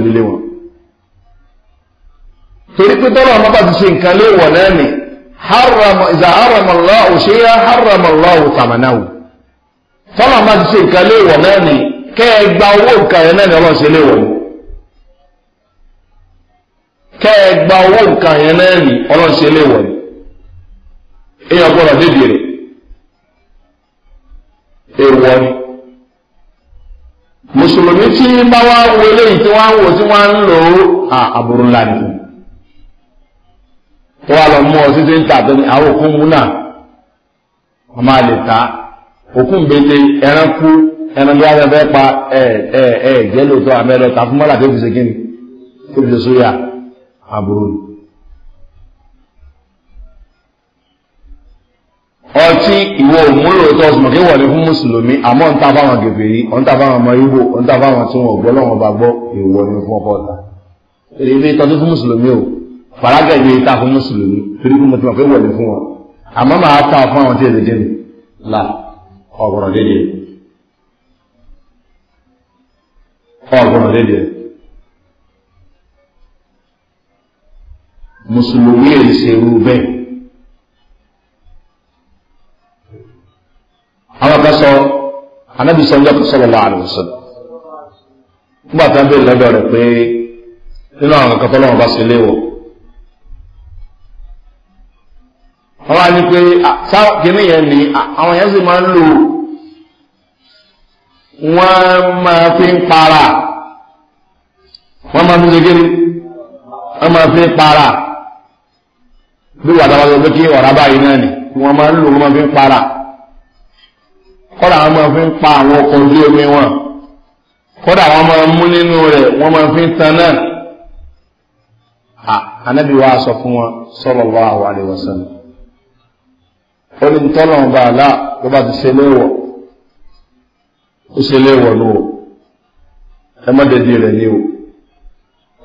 tọ́lọ̀ máa ti ṣe nǹkan léèwọ̀ náà ni kẹ́ ẹ gba owó nǹkan yẹn náà ni ọlọ́run ṣe léèwọ̀ kẹ́ ẹ gba owó nǹkan yẹn náà ni ọlọ́run ṣe èèyàn gbọ́dọ̀ débi rẹ̀ èèwọ̀ ni mùsùlùmí tí bá wá tí wọ́n á wò tí wọ́n á ń lò ó àbúrò òkun bèlè ẹran kú ẹran bí wọn fẹ́ pa ẹ ẹ ẹ jẹ́ lóòótọ́ àmì ẹ̀rọ tà fún mọ́là tó fi ṣe kíni tó fi ṣe sóyà àbúrò ni. ọtí ìwọ òmúlò tó ọsùnmọ̀ kí wọlé fún mùsùlùmí àmọ́ ń fáwọn gèfè yìí ń fáwọn ọmọ Ìgbò ń ta fáwọn tí wọn gbọ́ lọ́wọ́ bá gbọ́ èèwọ̀ ni fún ọkọ ọ̀tá. èyí tọ́jú fún mùsùlùmí o fàrágẹ̀ ni ta fún mùsùlùmí torí fún mùsùlùmí pé wọlé fún wọn àmọ́ máa ta fún tí èdè ọ̀gbọ̀nà dédé ọ̀gbọ̀nà dédé mùsùlùmí èyí ṣe irú bẹ́ẹ̀ àwọn kan sọ anábì sọ ọjọ́ sallallahu alaihi wasallam nígbà tá ń bèèrè lọ́dọ̀ rẹ̀ pé nínú àwọn kan tọ́lọ́wọ́n bá ṣe léwọ̀ wọ́n wá ní pé kíní yẹn ni àwọn yẹn sì máa ń lò wọ́n máa fi ń para wọ́n máa fi ń segin wọ́n máa fi ń para bí wàdà wà lọ pé kí ọ̀rá báyìí náà ni wọ́n máa ń lò wọ́n fi ń para kọ́dà wọ́n máa fi ń pa àwọn ọkọ̀ ojú omi wọn kódà wọn máa mú nínú máa fi ń tan náà anabi sọ fún wọn sọlọ lọ àwọn àlewọsán ó ní tọ́lọ̀ ọba àlá tó bá ti ṣe léwọ̀ ó ṣe léwọ̀ ló o ẹ má dédé rẹ̀ ní o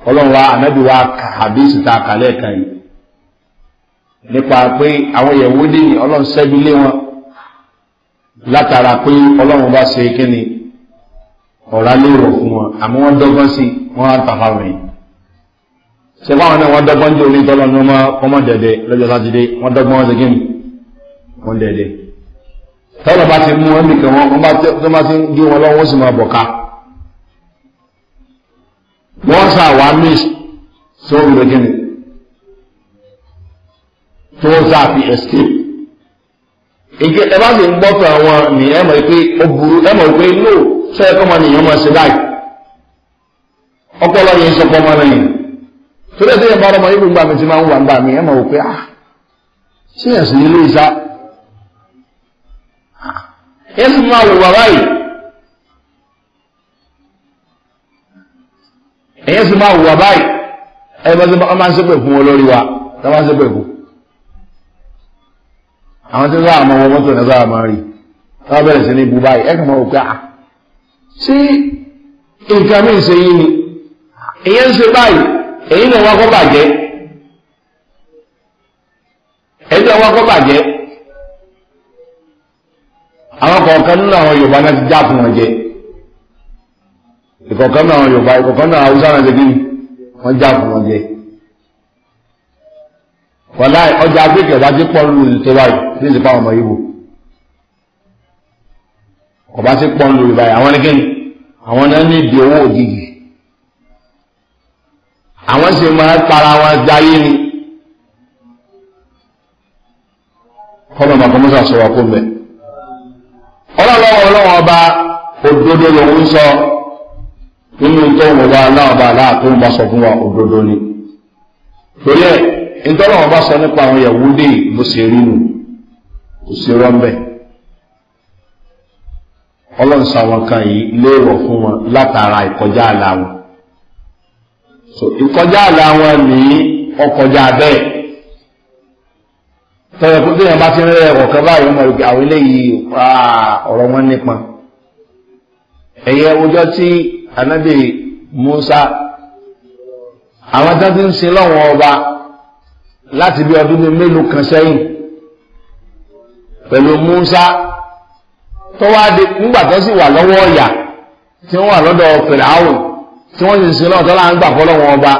ọlọ́run wa ànábì wa kà àbísí ta kàlẹ́ ẹ̀ka yìí nípa pé àwọn yẹ̀wúdí ni ọlọ́run ṣẹ́bi lé wọn látara pé ọlọ́run bá ṣe kíni ọ̀rá léwọ̀ fún wọn àmọ́ wọ́n dọ́gbọ́n sí wọ́n á tàfà wẹ̀yìn ṣe fáwọn náà wọ́n dọ́gbọ́n jò ní tọ́lọ́ ní wọ́n mọ́ dẹ̀dẹ̀ lọ́jọ́ sátidé wọ́n dọ́gbọ́n wọn ṣe kíni wọ́n dẹ̀dẹ̀ tọ́lọ̀ bá ti mú wọn nìkan wọn tó bá ti gé wọn lọ́wọ́ sì máa bọ̀ká wọ́n sà wá mí tó ń lè gẹ́ni tó sà fi escape ẹ bá sì ń àwọn ní ẹ mọ̀ pé ó burú ẹ mọ̀ pé lóò sọ ẹ kọ́ máa nìyẹn máa ṣe báyìí ọpọlọ yẹn náà yẹn tó bá ọmọ gbogbo àmì máa ń اسمع وراي اسمع وراي ẹ bá tó máa ń sẹ́pẹ̀ fún olórí wa tó máa ń sẹ́pẹ̀ fún àwọn tí sáà máa wọ mọ́tò ní sáà máa rí tó bẹ̀rẹ̀ sí ní ibú báyìí ẹ kàn máa wò pé à ah, sí nǹkan mi ṣe yín ni ìyẹn ń ṣe báyìí èyí náà wá kọ́ bàjẹ́ èyí náà wá kọ́ bàjẹ́ àwọn kọ̀ọ̀kan nínú àwọn yorùbá náà ti já fún wọn jẹ ìkọ̀ọ̀kan náà àwọn yorùbá ìkọ̀ọ̀kan náà haúsá náà ti bí wọ́n já fún wọn jẹ wọ́lá ọjà agbègbè ọba ti pọ̀ lù ní tiwa yìí ní ìsìnkú àwọn ọmọ Ìgbò ọba ti pọ̀ lù Yorùbá yìí àwọn ní kíni àwọn náà ní ìdí owó ògidì àwọn sì máa para wọn jayé ni kọ́nà màkọ́mọ́sà sọ̀rọ̀ kó mẹ́ẹ̀. ọlọ́lọ́wọ́ ọlọ́wọ́ ọba òdodo lòun sọ nínú tó ń wọlé aláwọ̀ba aláàtó ń bá sọ fún wa òdodo ni torí ẹ ọba sọ nípa àwọn ìyàwó dé bó ṣe rí nù kò sí rọ́ńbẹ́ kan yìí léèrò fún wọn látara ìkọjá àlà wọn tọ́yẹ kó tí èèyàn bá ti ń rẹ́ ọ̀kan báyìí mọ̀ ìgbà àwọn eléyìí ọ̀rọ̀ wọn nípọn ẹ̀yẹ ọjọ́ tí anábì Musa àwọn tó ti ń sin lọ́wọ́n ọba láti bí ọdún bíi mélòó kan sẹ́yìn pẹ̀lú Musa tó wá dé nígbà tó sì wà lọ́wọ́ ọ̀yà tí wọ́n wà lọ́dọ̀ Fìràwọ̀ tí wọ́n sì ń sin lọ́wọ́ tó láǹgbà fọ́lọ́wọ́n ọba.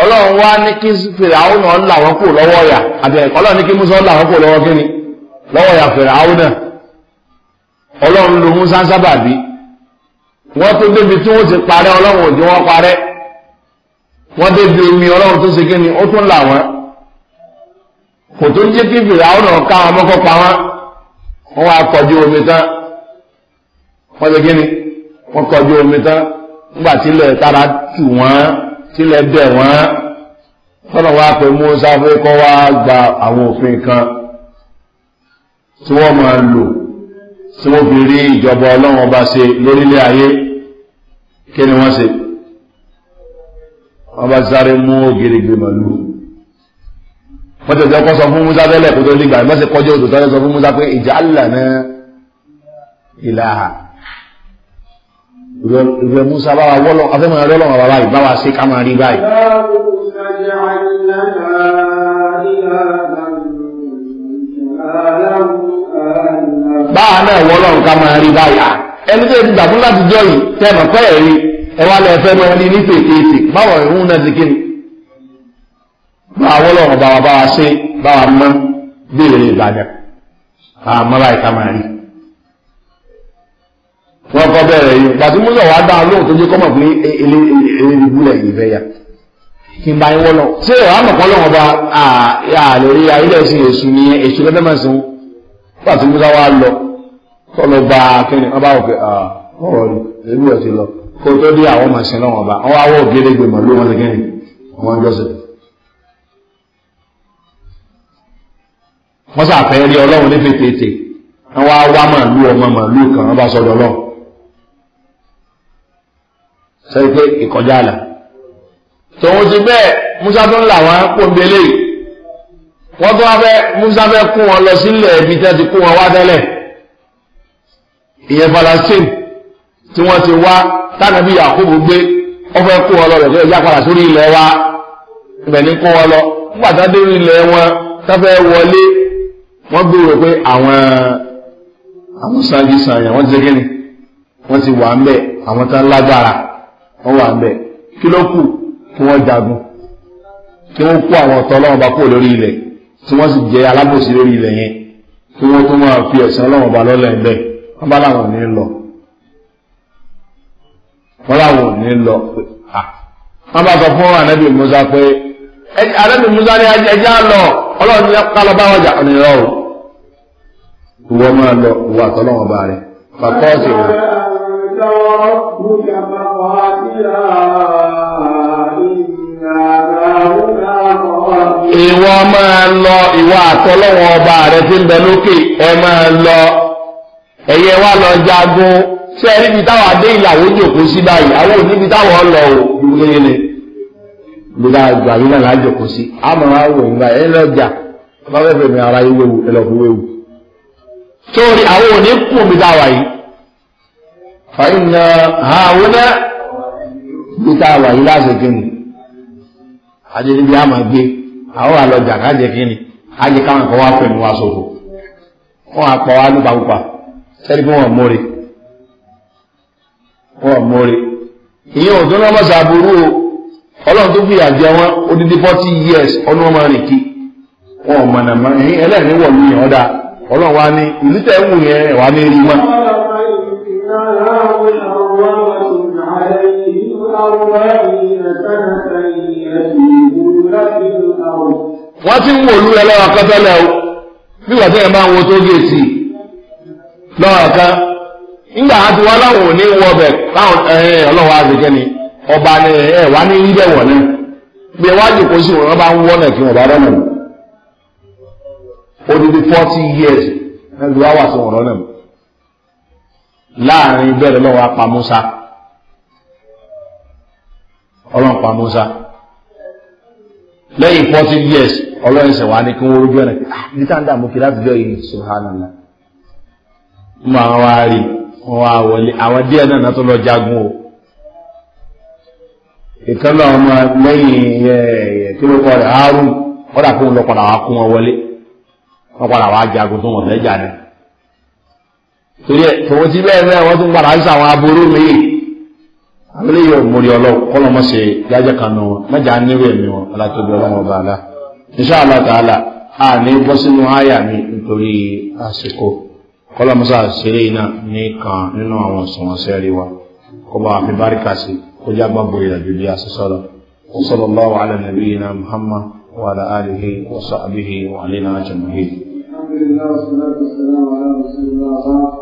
ọlọ́run wá ní kí fìràúnà làwọn kò lọ́wọ́ yà àbẹ̀ẹ̀kọ́ ọlọ́run ní kí musa làwọn lọ́wọ́ kíni lọ́wọ́ yà ọlọ́run ló musa wọ́n tó débi tí wọ́n ti parẹ́ ọlọ́run omi ọlọ́run tó ṣe kíni ó tún làwọn kò tó jẹ́ kí ká wọn mọ́kọ́ pa wọn wọ́n wá kọjú omi tán wọ́n ṣe tilẹ̀ bẹ̀ wọ́n tọ́nà wá pé musa fẹ́ kọ́ wá gba àwọn òfin kan tí wọ́n máa lò tí wọ́n fi rí ìjọba ọlọ́wọ́n bá ṣe lórílẹ̀ ayé kí ni wọ́n ṣe wọ́n bá sáré mú ògèrègbè màlú wọ́n tẹ̀sí ọkọ̀ sọ fún musa tẹ́lẹ̀ kó tó nígbà ìbáṣe kọjá òtò sáré sọ fún musa pé ìjà ńlá náà ìwé musa báwa wọ́lọ́ afẹ́mọ̀ rẹ lọ́wọ́ bàbá yìí báwa ṣe ká máa rí báyìí. báwa náà wọ́lọ́ ká máa rí báyìí à ẹni tó ti dàbí láti jọ yìí tẹ̀mọ̀ pẹ́ ẹ̀rí ẹ wá lẹ́ẹ̀fẹ́ mọ́ ẹni ní pèkéèsì báwa ìhun náà ti kí ni. báwa wọ́lọ́ bàbá báwa ṣe báwa mọ́ béèrè ìbàdàn àmọ́ báyìí ká máa rí wọ́n kọ́ bẹ̀rẹ̀ yìí gbàtí múlẹ̀ wàá dá lóhùn tó jẹ́ kọ́mọ̀ pé ilé ìbúlẹ̀ yìí fẹ́ yà kí n bá yín wọ́lọ̀ ṣé ìwà àmọ̀kọ́ lọ́wọ́ bá àlè rí ayílẹ̀ sí èṣù ní èṣù lọ́dẹ́ máa sìn gbàtí múlẹ̀ wàá lọ tọ́lọ bá kíni wọ́n bá wọ̀ pé ọ̀rọ̀ ìlú ẹ̀ ti lọ kó tó dé àwọn máa sìn lọ́wọ́ bá wọ́n wá wọ́ ògèrè gbèmọ̀ ló wọ́n ti kíni wọ́n jọ́sìn. wọ́n sàfẹ́ rí ọlọ́run ní fètètè wọ́n wá wá màálù ọmọ màálù kan wọ́n bá sọ̀dọ̀ ọlọ́run sẹ́yìn pé ìkọjá àlà tòun ti bẹ́ẹ̀ musa tó ń là wọn kó ń belé yìí tó wá fẹ́ musa fẹ́ kó wọn lọ sílẹ̀ ibi tí wọ́n ti kó wọn wá tẹ́lẹ̀ ìyẹn Palestine tí wọ́n ti wá tánàbí Yakubu gbé wọ́n fẹ́ kó wọn lọ rẹ̀ pé ìjà padà sórí ilẹ̀ wa ibẹ̀ ní kó wọn lọ nígbà tá dé ilẹ̀ wọn tá fẹ́ wọlé wọ́n gbèrò pé àwọn àwọn sáájú sàyàn wọ́n ti ṣe wọ́n ti wà ń bẹ̀ àwọn tá lágbára. wọn wà kí ló kù kí wọn jagun kí wọn kó àwọn ọ̀tọ̀ ọlọ́wọ́n bá kó lórí ilẹ̀ tí wọ́n sì jẹ́ alábòsí lórí ilẹ̀ yẹn kí wọ́n tó máa fi ẹ̀sìn ọlọ́wọ́n bá lọ́lẹ̀ ńbẹ wọ́n bá làwọn ní lọ wọ́n làwọn ní lọ wọ́n bá sọ fún anabi musa pé anabi musa ni ẹjẹ́ á lọ ọlọ́run ní kálọ̀ bá wọ́n jà ma ọ̀hún ìwọ máa lọ ìwà àtọ́lọ́wọ́n bá ربك فقاتلا Ìwọ máa lọ ìwọ àtọ́lọ́wọ́ ọba rẹ tí ń bẹ lókè ẹ lọ. Ẹ̀yẹ lọ jagun tí ẹ níbi táwọn adé ìyàwó jòkó sí báyìí, àwọn ò níbi táwọn lọ ò ni. Gbogbo àjọ àyè náà láà jòkó sí. A máa wá ara yín wéwu ẹ lọ fún wéwu. fàyín àwọnà ha wà yìí láti kí ni àjẹjẹ bí a máa gbé àwọn àlọjà kájẹ kí ni àjẹ káwọn wọn àpọ wa lùpàpùpà náà mọ̀sá ọlọ́run tó fi àjẹ wọn forty years ọdún kí wọn ẹlẹ́rìí wọ̀ lóyún ọ̀dà ọlọ́run wa ní ìlú tẹ̀ ń wù yẹn wà ní wọ́n ti ń wò lú ẹ lọ́wọ́ o bí wọ́n ti ẹ̀ máa ń wo tó géètì lọ́wọ́ kan nígbà àti wọn láwọn ò wọ ọbẹ̀ káwọn ọlọ́wọ́ àgbẹ̀kẹ́ ni ọba ni ẹ̀ wá ní wọ̀ náà bí ẹ wá sí wọn bá ń láàrin bẹ́ẹ̀ lọ́wọ́ apá Musa ọlọ́run pa lẹ́yìn years ọlọ́run ṣẹ̀ ní kí wọ́n rójú ẹ̀rẹ̀ ní ah, táǹdà mú kí láti jọ yìí subhanallah mú àwọn wá rí wọn wá wọlé àwọn díẹ̀ náà tó lọ jagun o ìkan náà ọmọ lẹ́yìn kí ló kọ́ rẹ̀ Harun ọ̀dà kó ń lọ padà wá kó wọn wọlé wọn jagun tó wọn fẹ́ torí ẹ tòun ti bẹ́ẹ̀ bẹ́ẹ̀ wọ́n tún padà ń sàwọn aburú mi àwọn eléyìí òmùrí ọlọ́wọ́ kọ́lọ́ mọ́ ṣe yájẹ́ kan nù wọn mẹ́jà nírú ẹ̀mí wọn alátóbi ọlọ́wọ́n ọba àlá iṣẹ́ àlátàálà a ní bọ́ sínú àyà mi nítorí àsìkò kọ́lọ́ mọ́ ṣàṣeré iná ní nínú àwọn ìṣọ̀wọ́nsẹ́ rí wa kó bá fi báríkà sí kó já gbàgbó ìrìnàjò bí aṣọ́sọ́lọ́ وصلى الله على نبينا محمد وعلى آله وصحبه وعلينا أجمعين الحمد لله والصلاة والسلام على رسول الله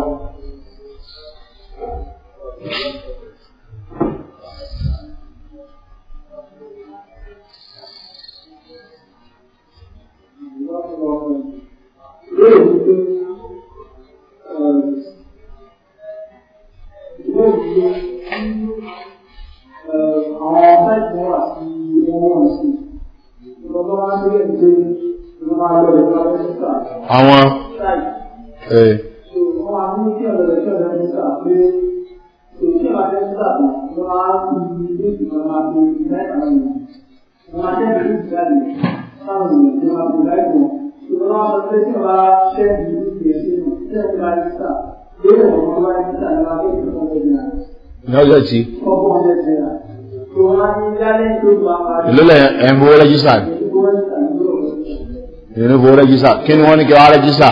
lọ́ọ̀tì. ìlú lẹ̀ ẹ̀ ń bọ́ rẹ́jísà ni ìrìn bọ́ rẹ́jísà kí ni wọ́n ní kí wọ́n rẹ́jísà.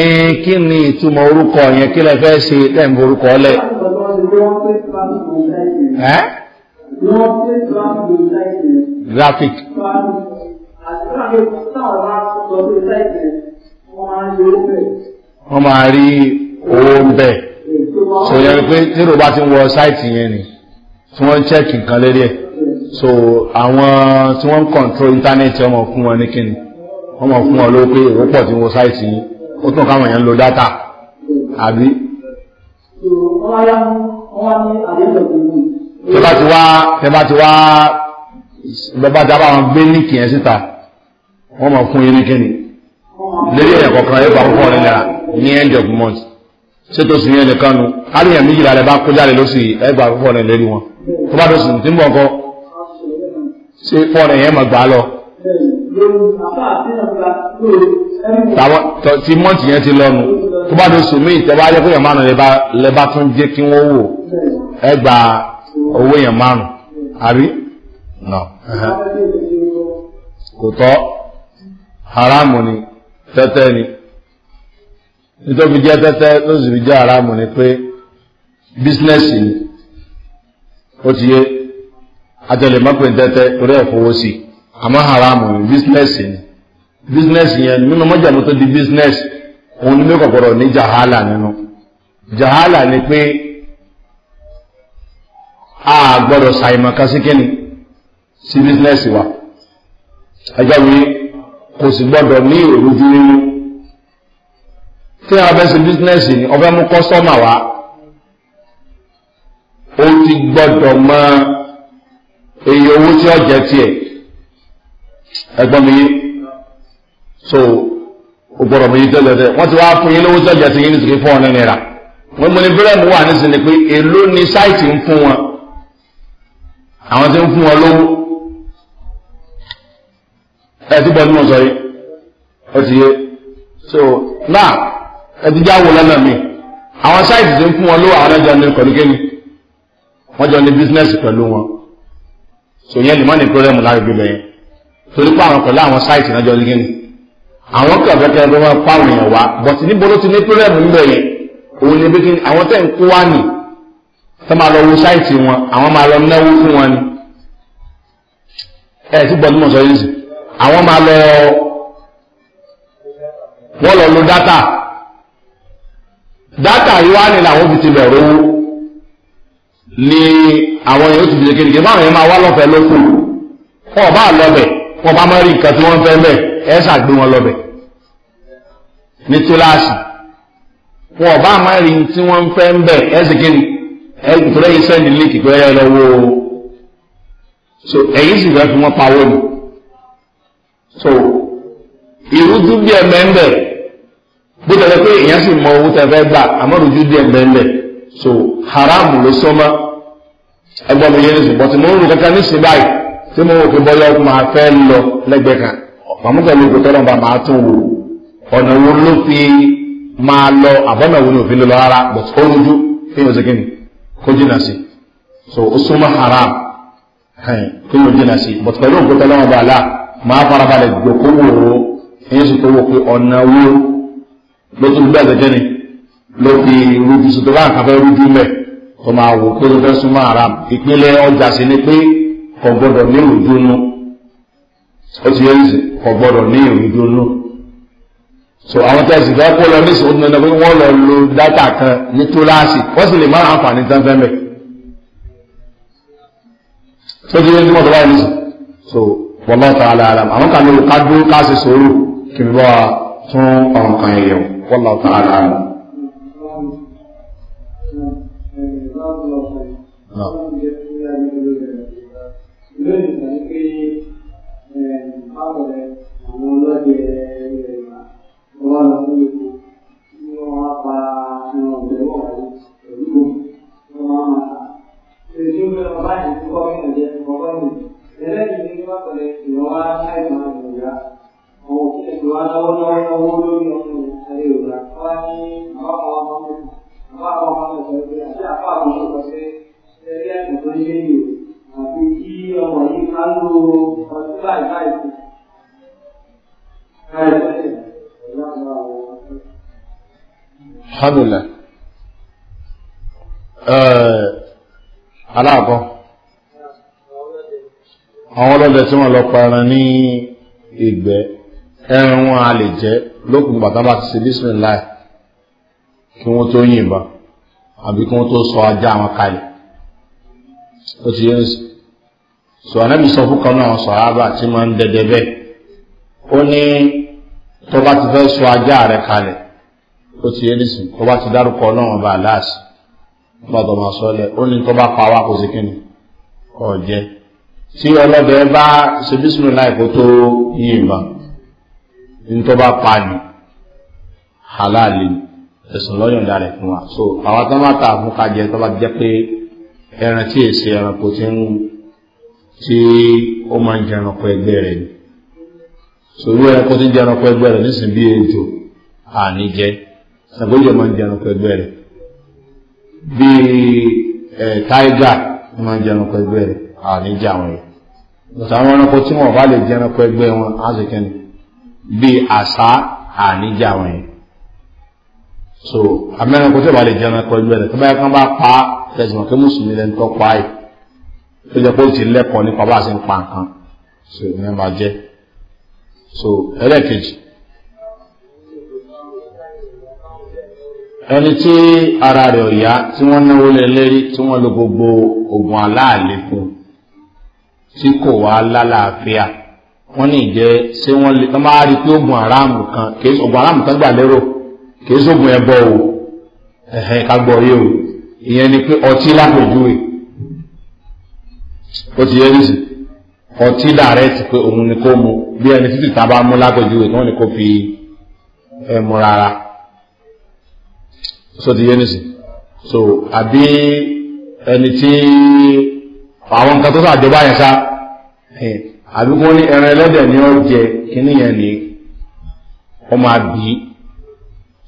ẹ̀ẹ́n kí ni ìtumọ̀ orúkọ yẹn kí lẹ fẹ́ ṣe lẹ́ ń bọ́ orúkọ lẹ̀. graphic wọ́n máa rí owó bẹ̀ so yẹn pé nírò bá ti ń wọ sáìtì yẹn ni tí wọ́n ń chẹ́kì nǹkan lérí ẹ̀ so àwọn tí wọ́n ń kọ̀ntró íńtánẹ́ẹ̀tì ọmọ fún wọn ní kíni wọ́n mọ̀ fún wọn lówó pé èrò pọ̀ tí ń wọ sáìtì yìí ó tún káwọn yẹn ń lo dátà àbí. tẹ bá ti wá tẹ bá ti wá lọ́ba tí a bá gbé níkì yẹn síta wọ́n mọ̀ fún yín ní kíni lórí ẹ̀yàn kọ̀ọ̀kan ẹ̀ bá fún ọ̀rẹ́ náírà ní end of month ṣètò sí ní ẹnìkan nu àríyàn méjìlá rẹ̀ bá kó jáde lọ́sì ẹ̀ bá fún ọ̀rẹ́ lórí wọn tó bá tó sì ti ń bọ̀ kọ́ ṣé fún ọ̀rẹ́ yẹn máa gbà á lọ. tí mọ́ǹtì yẹn ti lọ́nu tó bá tó sùn míì tẹ́wọ́ ajẹ́ kóyàn márùn lẹ́ bá tún jẹ́ kí wọ́n wò ẹ gba owó yẹn márùn àbí nà kò tọ́ haramu ni tẹ́tẹ́ ni nítorí jẹ́ tẹ́tẹ́ ló sì fi jẹ́ aráàmù ni pé bísínẹ́sì ni ó ti yé atẹlẹmọ́pẹ̀ tẹ́tẹ́ torí ẹ̀ fowó sí àmọ́ aráàmù ni bísínẹ́sì ni bísínẹ́sì yẹn nínú mọ́jàmú tó di bísínẹ́sì òun ni mí kọ̀kọ̀rọ̀ ní jahala nínú jahala ni pé a gbọ́dọ̀ ṣàìmọ̀ kan sí kíni sí bísínẹ́sì wa ẹjọ́ wí kò sì gbọ́dọ̀ ní èrújú rírú tí a fẹ́ ṣe bísínẹ́sì ni ọfẹ́ mú kọ́sọ́mà wá ó ti gbọ́dọ̀ mọ èyí owó tí ó jẹ tiẹ̀ ẹgbọ́n mi so ó gbọ́dọ̀ mi yé tẹ́lẹ̀ tẹ́lẹ̀ wọ́n ti wá fún yín lówó tí ó jẹ tiẹ̀ ní sìkì fún ọ̀nà náírà wọ́n mú ní bírẹ̀mù wà nísìnyí pé èló ni sáìtì ń fún wọn àwọn tí ń fún wọn lówó ẹtí bọ́ ni mo sọ yìí ó yé so náà ẹtí já wò lọ́nà mi àwọn sáìtì tó ń fún wọn lówó àwọn ẹjọ ní kọ̀ọ̀dúnkẹ́ni wọ́n jọ ní bísínẹ́sì pẹ̀lú wọn so yẹn lèmọ́ ní pírọ́lẹ́mù lágbègbè bẹ́ẹ̀ torí pé àwọn pẹ̀lú àwọn sáìtì náà jọ ní kíni àwọn kẹ̀kẹ́ ló máa pa àwọn èèyàn wá bọ̀tì níbo ló ti ní pírọ́lẹ́mù ń bẹ̀ yẹn òun ni bí kíni àwọn tẹ̀ ń kó wá nì tó máa lọ wo sáìtì wọn àwọn máa lọ náwó fún wọn ni ẹ̀ tí bọ́ọ̀lù mọ̀ sọ yìí sì àwọn máa lọ wọ́n lọ lo dátà dátà yìí wá ní làwọn fi ti lọ rówó ni àwọn èèyàn ti fi kékeré kékeré báwọn èèyàn máa wá lọ́fẹ̀ẹ́ lókù wọn ò bá lọbẹ̀ wọn bá mọ́ rí nǹkan tí wọ́n fẹ́ bẹ̀ ẹ ṣàgbé wọn lọbẹ̀ ní kíláàsì wọn ò bá mọ́ rí tí wọ́n fẹ́ bẹ̀ ẹ sì kéde ẹ ìtúrẹ́yìn sẹ́ni líkì pé ẹ lọ wo so ẹ̀yìn sì fẹ́ fi wọ́n pawó ni. so ìrújú bí ẹ̀mẹ́ ń bẹ̀ bó tẹ̀lé pé èèyàn sì so haram ló sọ́mọ́ ẹgbọ́n mi yé ní sùn bọ́tí n'isi ń lu kankan ní sìn báyìí tí mo fẹ́ lọ lẹ́gbẹ̀ẹ́ kan màmú kẹ́lú ìgò tọ́lọ́ tún wò ọ̀nà wo ló fi máa lọ àbọ̀nà wo ni òfin lọ rárá ó kó so ó haram kí ni jìnnà sí bọ̀tí pẹ̀lú òkúta máa farabalẹ̀ gbòkówó èyí sì tó wò pé ọ̀nà wo ló tún bẹ́ẹ̀ lẹ́jẹ́ ni ló fi rújú sí tó bá nǹkan fẹ́ rújú mẹ́ tó máa wò pé ló fẹ́ súnmọ́ haram ìpínlẹ̀ ọjà sí ni pé kò gbọ́dọ̀ ní ìrúdúnú ó ti yẹ ìsìn kò gbọ́dọ̀ ní ìrúdúnú so àwọn tí a sì fẹ́ kó lọ ní ìsìn ọdún pé wọ́n lọ lo dátà kan ní túláàsì wọ́n sì lè má àǹfààní tán fẹ́ mẹ́ tó ti yẹ ní mọ́tò báyìí so wallahu ta'ala alam àwọn kan lóru ká dúró ká sì sòrò kí n bọ́ wa tún ọ̀rùn kan yẹ̀yẹ̀ wallahu ta'ala alam. Thank you eléyìí ní wàpẹ̀lẹ̀ ìrànwá láìmọ̀ ìyá ọ̀hún ètò alọ́wọ́lọ́wọ́ lọ́wọ́ lórí ọkùnrin ayé òdà wá ní àwọn ọmọ ọmọ ẹgbẹ́ àti àpá àwọn ọmọ ṣe ẹgbẹ́ ẹ̀sìn tó ń ṣe yìí àti kí ọmọ yìí ká ló ọtí láì láì sí. Alhamdulillah. Ẹ̀ẹ́d eh, aláàbọ̀ àwọn ọlọ́dẹ tí wọ́n lọ paran ní ìgbẹ́ ẹran wọn a lè jẹ́ lókùn bàtà bá ti ṣe bísímìláì kí wọ́n tó yìnbọn àbí kí wọ́n tó sọ ajá wọn kalẹ̀ ó ti yẹn sọ anábì sọ fún kan náà sọ ábà tí máa ń dẹdẹ bẹ́ẹ̀ ó ní tó bá ti fẹ́ sọ ajá rẹ̀ kalẹ̀ ó ti yẹn nísìn tó bá ti dárúkọ náà wọn bá a láàsì nígbà tó máa sọ ọ lẹ ó ní tó bá pa wá kó sí kíni ọ̀jẹ́ tí ọlọ́dẹ bá ṣe bísímù láì kó tó yí ìmọ̀ nítorí bá pa ni halali ẹ̀sùn lọ́yọ̀ǹda rẹ̀ fún wa so àwọn tó bá ta àfúnká jẹ tó bá jẹ pé ẹran tí èsì ẹranko ti ń tí ó máa ń jẹ ẹranko ẹgbẹ́ rẹ̀ ni so irú ẹranko tí ń jẹ ẹranko ẹgbẹ́ rẹ̀ nísìnyí bí ejò àní jẹ ṣàgbéjọ máa ń jẹ ẹranko ẹgbẹ́ rẹ̀ bíi ẹ̀ táígà máa ń jẹ ẹranko ẹgbẹ́ rẹ̀ àníjà wọn yìí àwọn ẹranko tí wọn bá lè jẹ ẹranko ẹgbẹ́ wọn á sì kẹ́ni bí àṣà àníjà wọn yìí so amẹ́ranko tí wọn bá lè jẹ ẹranko ẹgbẹ́ rẹ̀ tó báyìí kan bá pa tẹ̀sán kí mùsùlùmí lẹ́nu tó pa yìí tó jẹ́ pé ó ti lẹ́kọ̀ọ́ nípa bá a ṣe ń pa nǹkan so ìyẹn máa jẹ́ so ẹlẹ́ẹ̀kejì ẹni tí ara rẹ̀ ò yá tí wọ́n náwó lé lérí tí wọ́n lo gbogbo oògùn aláàlẹ́ fún un tí kò wá lálàáfíà wọ́n ní ìjẹ́ ṣé wọ́n lè tán máa rí pé oògùn aráàmù kan kìí oògùn aráàmù kan gbà lérò kìí sóògùn ẹbọ o ẹ̀hẹ́n ká gbọ́ yé o ìyẹn ni pé ọtí lápèjúwe ó ti yẹ nísì ọtí dàrẹ́tì pé òun ni kó mu bí ẹni títí tá bá mú lápèjúwe tí wọ́n ní kó fi ẹ mu rárá ó ti yẹ nísì so àbí ẹni tí àwọn nǹkan tó sàjọba yẹn sá àbí kó ní ẹran ẹlẹ́dẹ̀ ni ó jẹ kíní yẹn ni ó máa bì í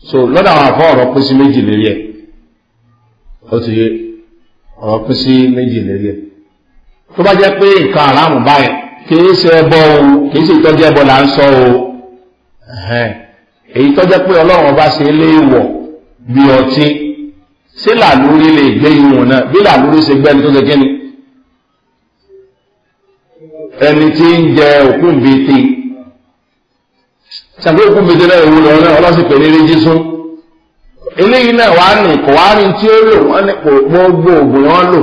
so lọ́dọ̀ àwọn àfọ ọ̀rọ̀ pín sí méjì lérí ẹ̀ ó ti yé ọ̀rọ̀ pín sí méjì lérí ẹ̀ tó bá jẹ́ pé nǹkan àlámù báyìí kìí ṣe ẹbọ o kìí ṣe ìtọ́jú ẹbọ là ń sọ o èyí tọ́jú pé ọlọ́run ọba ṣe léèwọ̀ bí ọtí sí làlórí lè gbé ìwọ̀n náà bí làlórí ṣe gbẹ́ni tó ṣe kíni ẹni tí ń jẹ òkúńbìtì sàgbé òkúńbìtì náà ìwú lọ náà ọlọ́sìn pè ní rẹ́jísú eléyìí náà wàá nì kò wàá ní tí ó lò wọ́n ní kò gbogbo ògùn wọn lò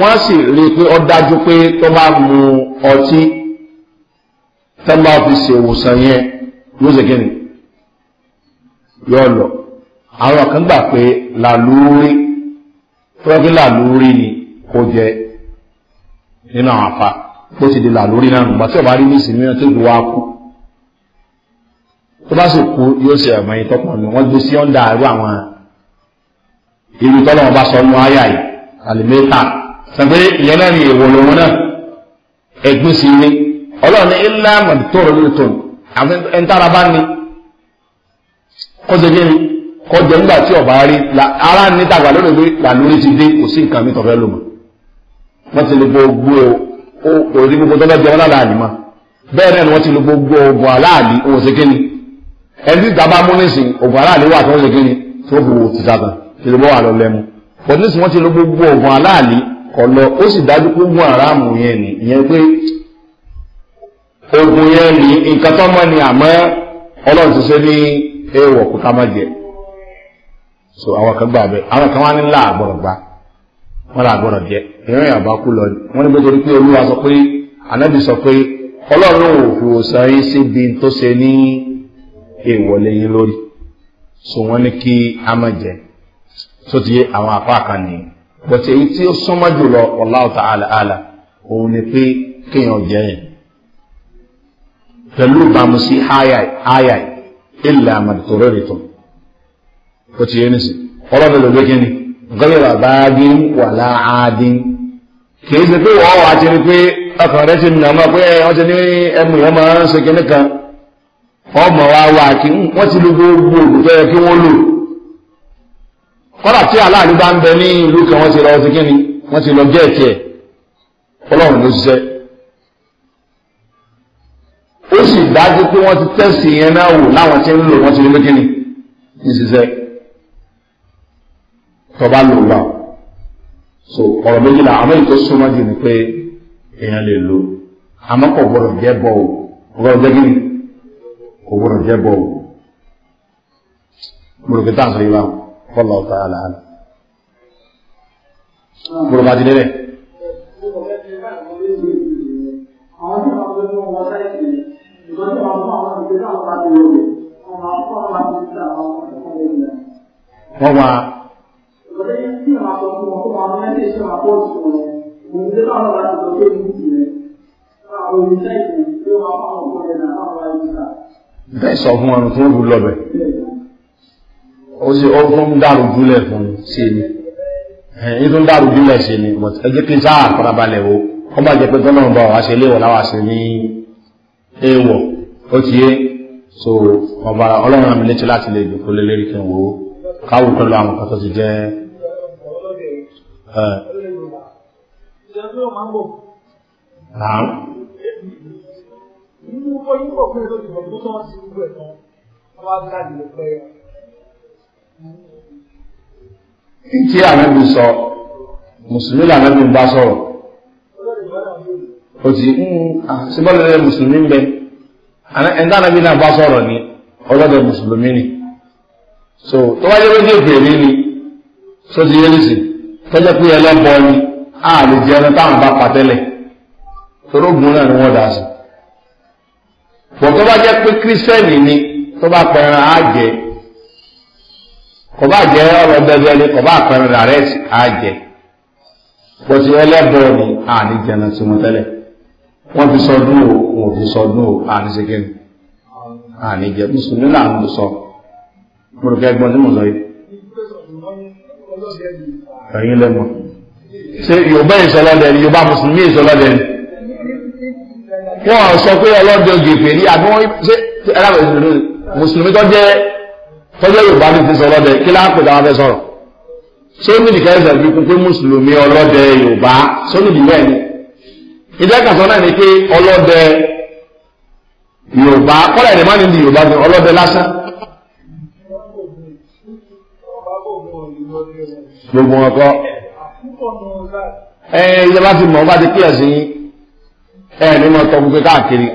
wọ́n sì rí i pé ó dájú pé tó bá mu ọtí tó bá fi ṣèwòsàn yẹn yóò ṣe kíni yóò lọ àwọn kan gbà pé làlúrí tó bá fi làlúrí ni kò jẹ nínú àwọn afa bó ti di là lórí náà nùgbà tí ọba rí ní ìsinmi náà tó lù wá kú tó bá sì kú yóò ṣe ọmọ yìí tọpọ nù wọn gbé sí ọńdà irú àwọn irú tọ́lọ́ wọn bá sọ nù áyà yìí àlùmẹ́ta sàgbé ìyẹn náà èèwọ̀ lòun náà ẹ̀gbìn sí ilé ọlọ́run ní ilá mọ̀tòrò lóòótọ́ àwọn ẹni tára bá ní kọ́sẹ̀ kí ni kọjọ nígbà tí ọba rí ara níta gbà lórí pé làlórí ti dé kò sí nǹkan mi tọ̀fẹ́ kò sí gbogbo tọ́lá jẹun láàlì mọ́ bẹ́ẹ̀ náà ni wọ́n ti lo gbogbo oògùn aláàlì òun ṣe kíni ẹni tí tàbá mú aláàlì wà tó ń ṣe kíni fi wò ti ló bọ́ wà lọ lẹ́mu but wọ́n ti gbogbo oògùn aláàlì kọ̀ ó sì dájú gbogbo aráàmù yẹn ni ìyẹn pé yẹn ni nǹkan tó mọ́ ni àmọ́ ọlọ́run ti ṣe ní kó ká wọn là gbọ́dọ̀ jẹ ìran yàrá kú lọ ni wọn ní bó torí pé olúwa sọ pé ànábì sọ pé ọlọ́run ò fi wòsàn yín síbi tó ṣe ní ìwọlé yín lórí so wọn ní kí a má jẹ tó ti yé àwọn apá kan nìyí bọ̀tẹ̀ èyí tí ó súnmọ́ jùlọ wallahu ta'ala àlà òun ni pé kéèyàn jẹ yẹn pẹ̀lú ìbámu sí áyà ìlà àmàdìtòrò rẹ̀ tó ó ti yé nísìn ọlọ́run ló gbé kí ni. gọ́yọ̀rọ̀ bá dín wà láàádín kìí sí pé wọ́n wà ti pé ọkàn ti nà pé wọ́n ti ní ẹmu ìyẹn máa ń ṣe kíní kan ọmọ wa wà kí wọ́n ti lu gbogbo òògùn tó yẹ kí wọ́n lò kọ́lá tí lọ kíni wọ́n ti lọ ọlọ́run ló ṣiṣẹ́ ó sì dájú pé wọ́n ti tẹ̀sí yẹn náà wò láwọn tí ń lò wọ́n ti kíni ní ṣiṣẹ́. tọba lò wà so ọ̀rọ̀ méjìlá àmọ́ ètò súnmọ́ jù ni pé èèyàn lè lò àmọ́ kò gbọ́dọ̀ jẹ́ bọ̀ o kò gbọ́dọ̀ jẹ́ gíní kò gbọ́dọ̀ jẹ́ bọ̀ o gbọ́dọ̀ tá à sọ yìí wá fọlọ́ ọ̀tá àlàálẹ̀ gbọ́dọ̀ bá ti délẹ̀. wọ́n máa 我在立马说我不忙，那电视马播出来，我们知道了吧？很多电影节，那我们在一起就好好我过年了，好好一下。bẹ́ẹ̀ sọ fún wọn tó rú lọ́bẹ̀ ó sì ó fún dàrú júlẹ̀ fún sí ni ẹ̀yìn tó ń dàrú júlẹ̀ sí ni but ẹjẹ́ kí n sáà farabalẹ̀ wo ó má jẹ́ pé tọ́nà ń bá wa ṣe léwọ̀ láwa ṣe ní èèwọ̀ ó ti yé so ọba ọlọ́run àmì létí láti lè dùn kó lé lérí kí n wò ó káwù pẹ̀lú àwọn kan tó ti jẹ́ Tí ànábì sọ, Mùsùlùmí lànábì ń bá sọ̀rọ̀. Ó ti ń ṣíbọ́lẹ̀lẹ̀ Mùsùlùmí ń bẹ. Ẹ̀ńdá ànábì náà bá sọ̀rọ̀ ni, ọlọ́dọ̀ Mùsùlùmí ni. So, tó wáyé ló dé ìpèrè ni, só ti yé nísìnyí tọ́jọ́ pé ẹlẹ́bọ ni a lè jẹ ẹran táwọn bá pa tẹ́lẹ̀ torógun náà ni wọ́n dà sí. bọ̀ tó bá jẹ́ pé kírísítẹ́nì ni tó bá pẹran á jẹ kò bá jẹ ọ̀rọ̀ bẹ́ẹ̀ ni kò bá pẹran dàrẹ́tì á jẹ bọ̀tí ẹlẹ́bọ ni a lè jẹ ẹran sí wọn tẹ́lẹ̀ wọ́n fi sọdún o wọ́n fi sọdún o a ní ṣe kí ni a ní jẹ mùsùlùmí náà ń sọ mo rò kẹ́gbọ́n tí mo sọ yìí ẹ̀yin lẹ́mọ̀ ṣé yorùbá ìsọlọ́dẹ ni yorùbá mùsùlùmí ìsọlọ́dẹ ni wọ́n sọ pé ọlọ́dẹ gèfè ní àbí wọ́n ṣe ẹ̀rọ mùsùlùmí tó jẹ́ tọ́jọ́ yorùbá ní ti sọlọ́dẹ kí láàpẹ̀ dáwọn fẹ́ sọ̀rọ̀ ṣé ó nídìí fi kún pé mùsùlùmí ọlọ́dẹ yorùbá ṣé ó nídìí bẹ́ẹ̀ ni ìdẹ́kàsọ náà ni pé ọlọ́dẹ yorùbá kọ́lá ìdẹ́mánì ní yorùbá ọlọ́dẹ lásán gbogbo wọn kọ́ ẹ ìjọba ti mọ̀ ọ́ bá ti kílẹ̀ sí ẹ ní mọ̀ tọ́ gbogbo káàkiri.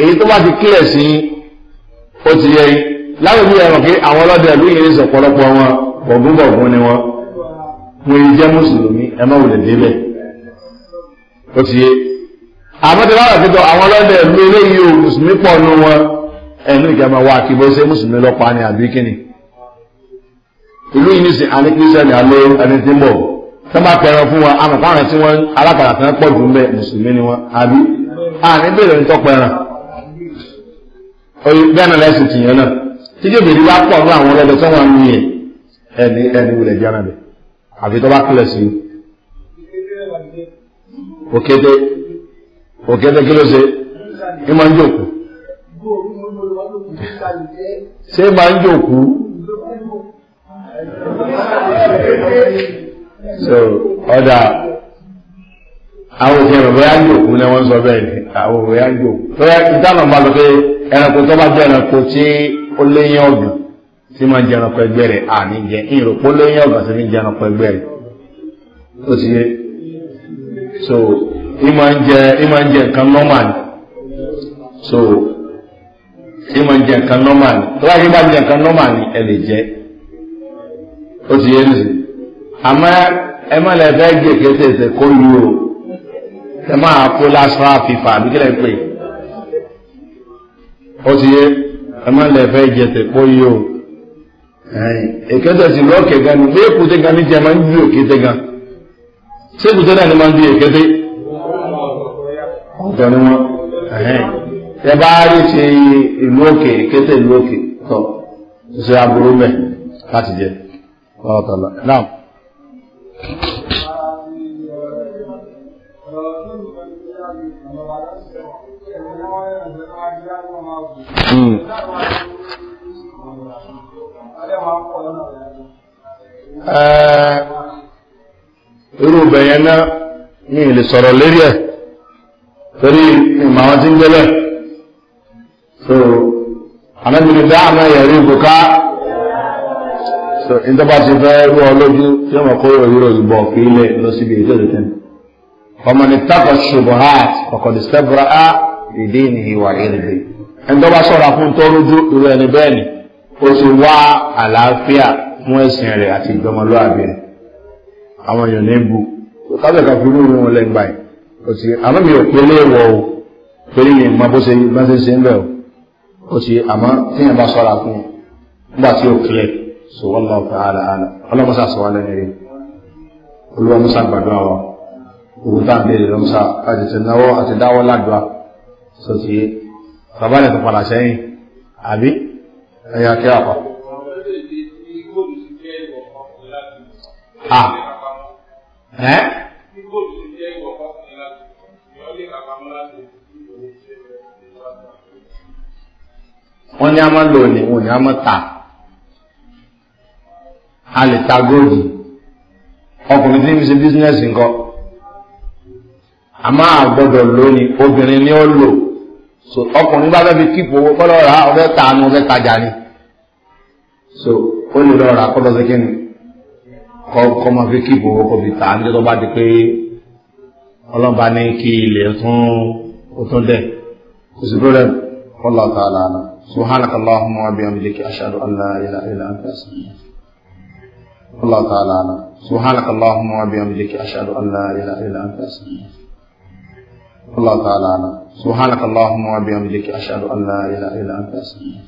èyí tó bá ti kílẹ̀ sí ó ti yẹ yín láwọn ìlú ẹ̀rọ pé àwọn ọlọ́dẹ ìlú yìí ń sọ̀pọ̀lọpọ̀ wọn bọ̀gúnbọ̀gún ni wọn wọn yìí jẹ́ mùsùlùmí ẹ má wulẹ̀ débẹ̀ ó ti yé àmọ́ tí wọ́n rà pé àwọn ọlọ́dẹ ìlú eléyìí ò mùsùlùmí pọ̀ nù wọn. ẹnu ìkẹmọ wa kí bó ṣe mùsùlùmí lọ́pàá ni àbí kíni ìlú yìí nìsín àní kírísítẹ́nì alẹ́ ẹni tí ń bọ̀ tó bá pẹ̀rọ fún wa àmọ̀ fáwọn tí wọ́n alákàrà tí wọ́n pọ̀ jù mẹ́ mùsùlùmí ni wọ́n àbí àní bèrè ń tọpẹ̀ràn bẹ́ẹ̀ náà lẹ́sìn tìyẹn náà títí òbí bá pọ̀ ní àwọn ọlọ́dẹ tó wọ́n ń yìn ẹni ẹni wulẹ̀ jẹ́ náà tó bá ṣé máa ń jòkú so ọ̀dà àwọn òfin ẹ̀rọ bóyá ń jòkú ni wọ́n sọ bẹ́ẹ̀ ni àwọn jòkú bóyá ìdáná lọ pé ẹranko tó bá jẹ́ ẹranko tí ó léyìn ọ̀gbìn tí máa ń jẹ ẹranko ẹgbẹ́ rẹ̀ àní jẹ léyìn ọ̀gbìn ṣé mo jẹ nǹkan nọ́mà ni tó bá yẹ bá jẹ nǹkan nọ́mà ni ẹ lè jẹ ó ti yé ní sè àmọ́ ẹ má lè fẹ́ gé kété ṣe kó lu o ẹ máa kó lásán àfìfà àbí kílẹ̀ pé ó ti yé ẹ má lè fẹ́ jẹ ṣe kó yí o èkété sì lọ́ọ̀kẹ́ gan ni bí èkúté gan ni jẹ máa ń bí òkété gan ṣé èkúté náà ni máa ń bí èkété ọ̀tọ̀ ni wọ́n tẹ bá rí ti ìlú òkè kété ìlú òkè tọ ṣe aburú mẹ láti jẹ ọtọlọ náà. Hmm. Eh, irú bẹ̀yẹn náà mi ì lè sọ̀rọ̀ lérí ẹ̀ torí ìmọ̀ àwọn ń gbẹ́lẹ̀ so ànábi ni dá àná yẹrí ìgbòká so ìjọba ti fẹ́ rú ọ lójú tí wọ́n kó ìròyìn ròyìn bọ̀ kí ilé lọ síbi ètò ìtẹ́ ọmọ ni tako ṣubuhat ọkọ̀ dìstẹ́bùrà á ìdí ìnìyí wà ìrìbì ìjọba sọ̀rọ̀ fún tó rújú irú ẹni bẹ́ẹ̀ ni ó ti wá àlàáfíà fún ẹ̀sìn rẹ̀ àti ìgbọmọlúwàbí rẹ̀ àwọn èèyàn ní bu kábẹ̀ ká fi rúurú wọn lẹ́gbàá yìí àmọ́ mi ò pélé wọ̀ o pélé mi mọ bó ṣe ń bẹ̀ o ó ti àmọ́ téèyàn bá sọ́ra fún un nígbà tí ó kílẹ̀ so wọ́n lọ fà áàlà áàlà ọlọ́mọsà sọ wá lẹ́nu rí olúwa musa gbàdúrà wa òun tá à ń béèrè lọ́mọsà àti ti náwó àti dáwọ́ ládùá so ti bàbá rẹ̀ tó padà sẹ́yìn àbí ẹ̀yà kí àpá. a ẹ́. wọ́n ní a máa lò ní wọn ní a máa ta a lè ta góòdì ọkùnrin tí ń ṣe bísínẹ́sì nǹkan a máa gbọ́dọ̀ lò obìnrin ni ó lò so ọkùnrin bá fẹ́ fi kíkó owó kọ́ lọ́ọ́ rà ọ fẹ́ ta ni ọ fẹ́ tajà ni so ó lè lọ́ọ́ rà kọ́ lọ́ọ́ sí kí ni kọ́ máa fi kíkó owó kọ́ fi ta ní tó bá di pé ọlọ́ba ní kí ilẹ̀ tún ó tún dẹ̀ kò sí problem. والله تعالى أعلم سبحانك اللهم وبحمدك أشهد أن لا إله إلا أنت أستغفرك والله تعالى أعلم سبحانك اللهم وبحمدك أشهد أن لا إله إلا أنت أستغفرك والله تعالى أعلم سبحانك اللهم وبحمدك أشهد أن لا إله إلا أنت أستغفرك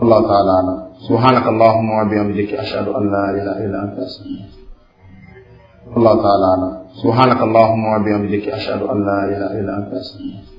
والله تعالى أعلم سبحانك اللهم وبحمدك أشهد أن لا إله إلا أنت أستغفرك والله تعالى أعلم سبحانك اللهم وبحمدك أشهد أن لا إله إلا أنت أستغفرك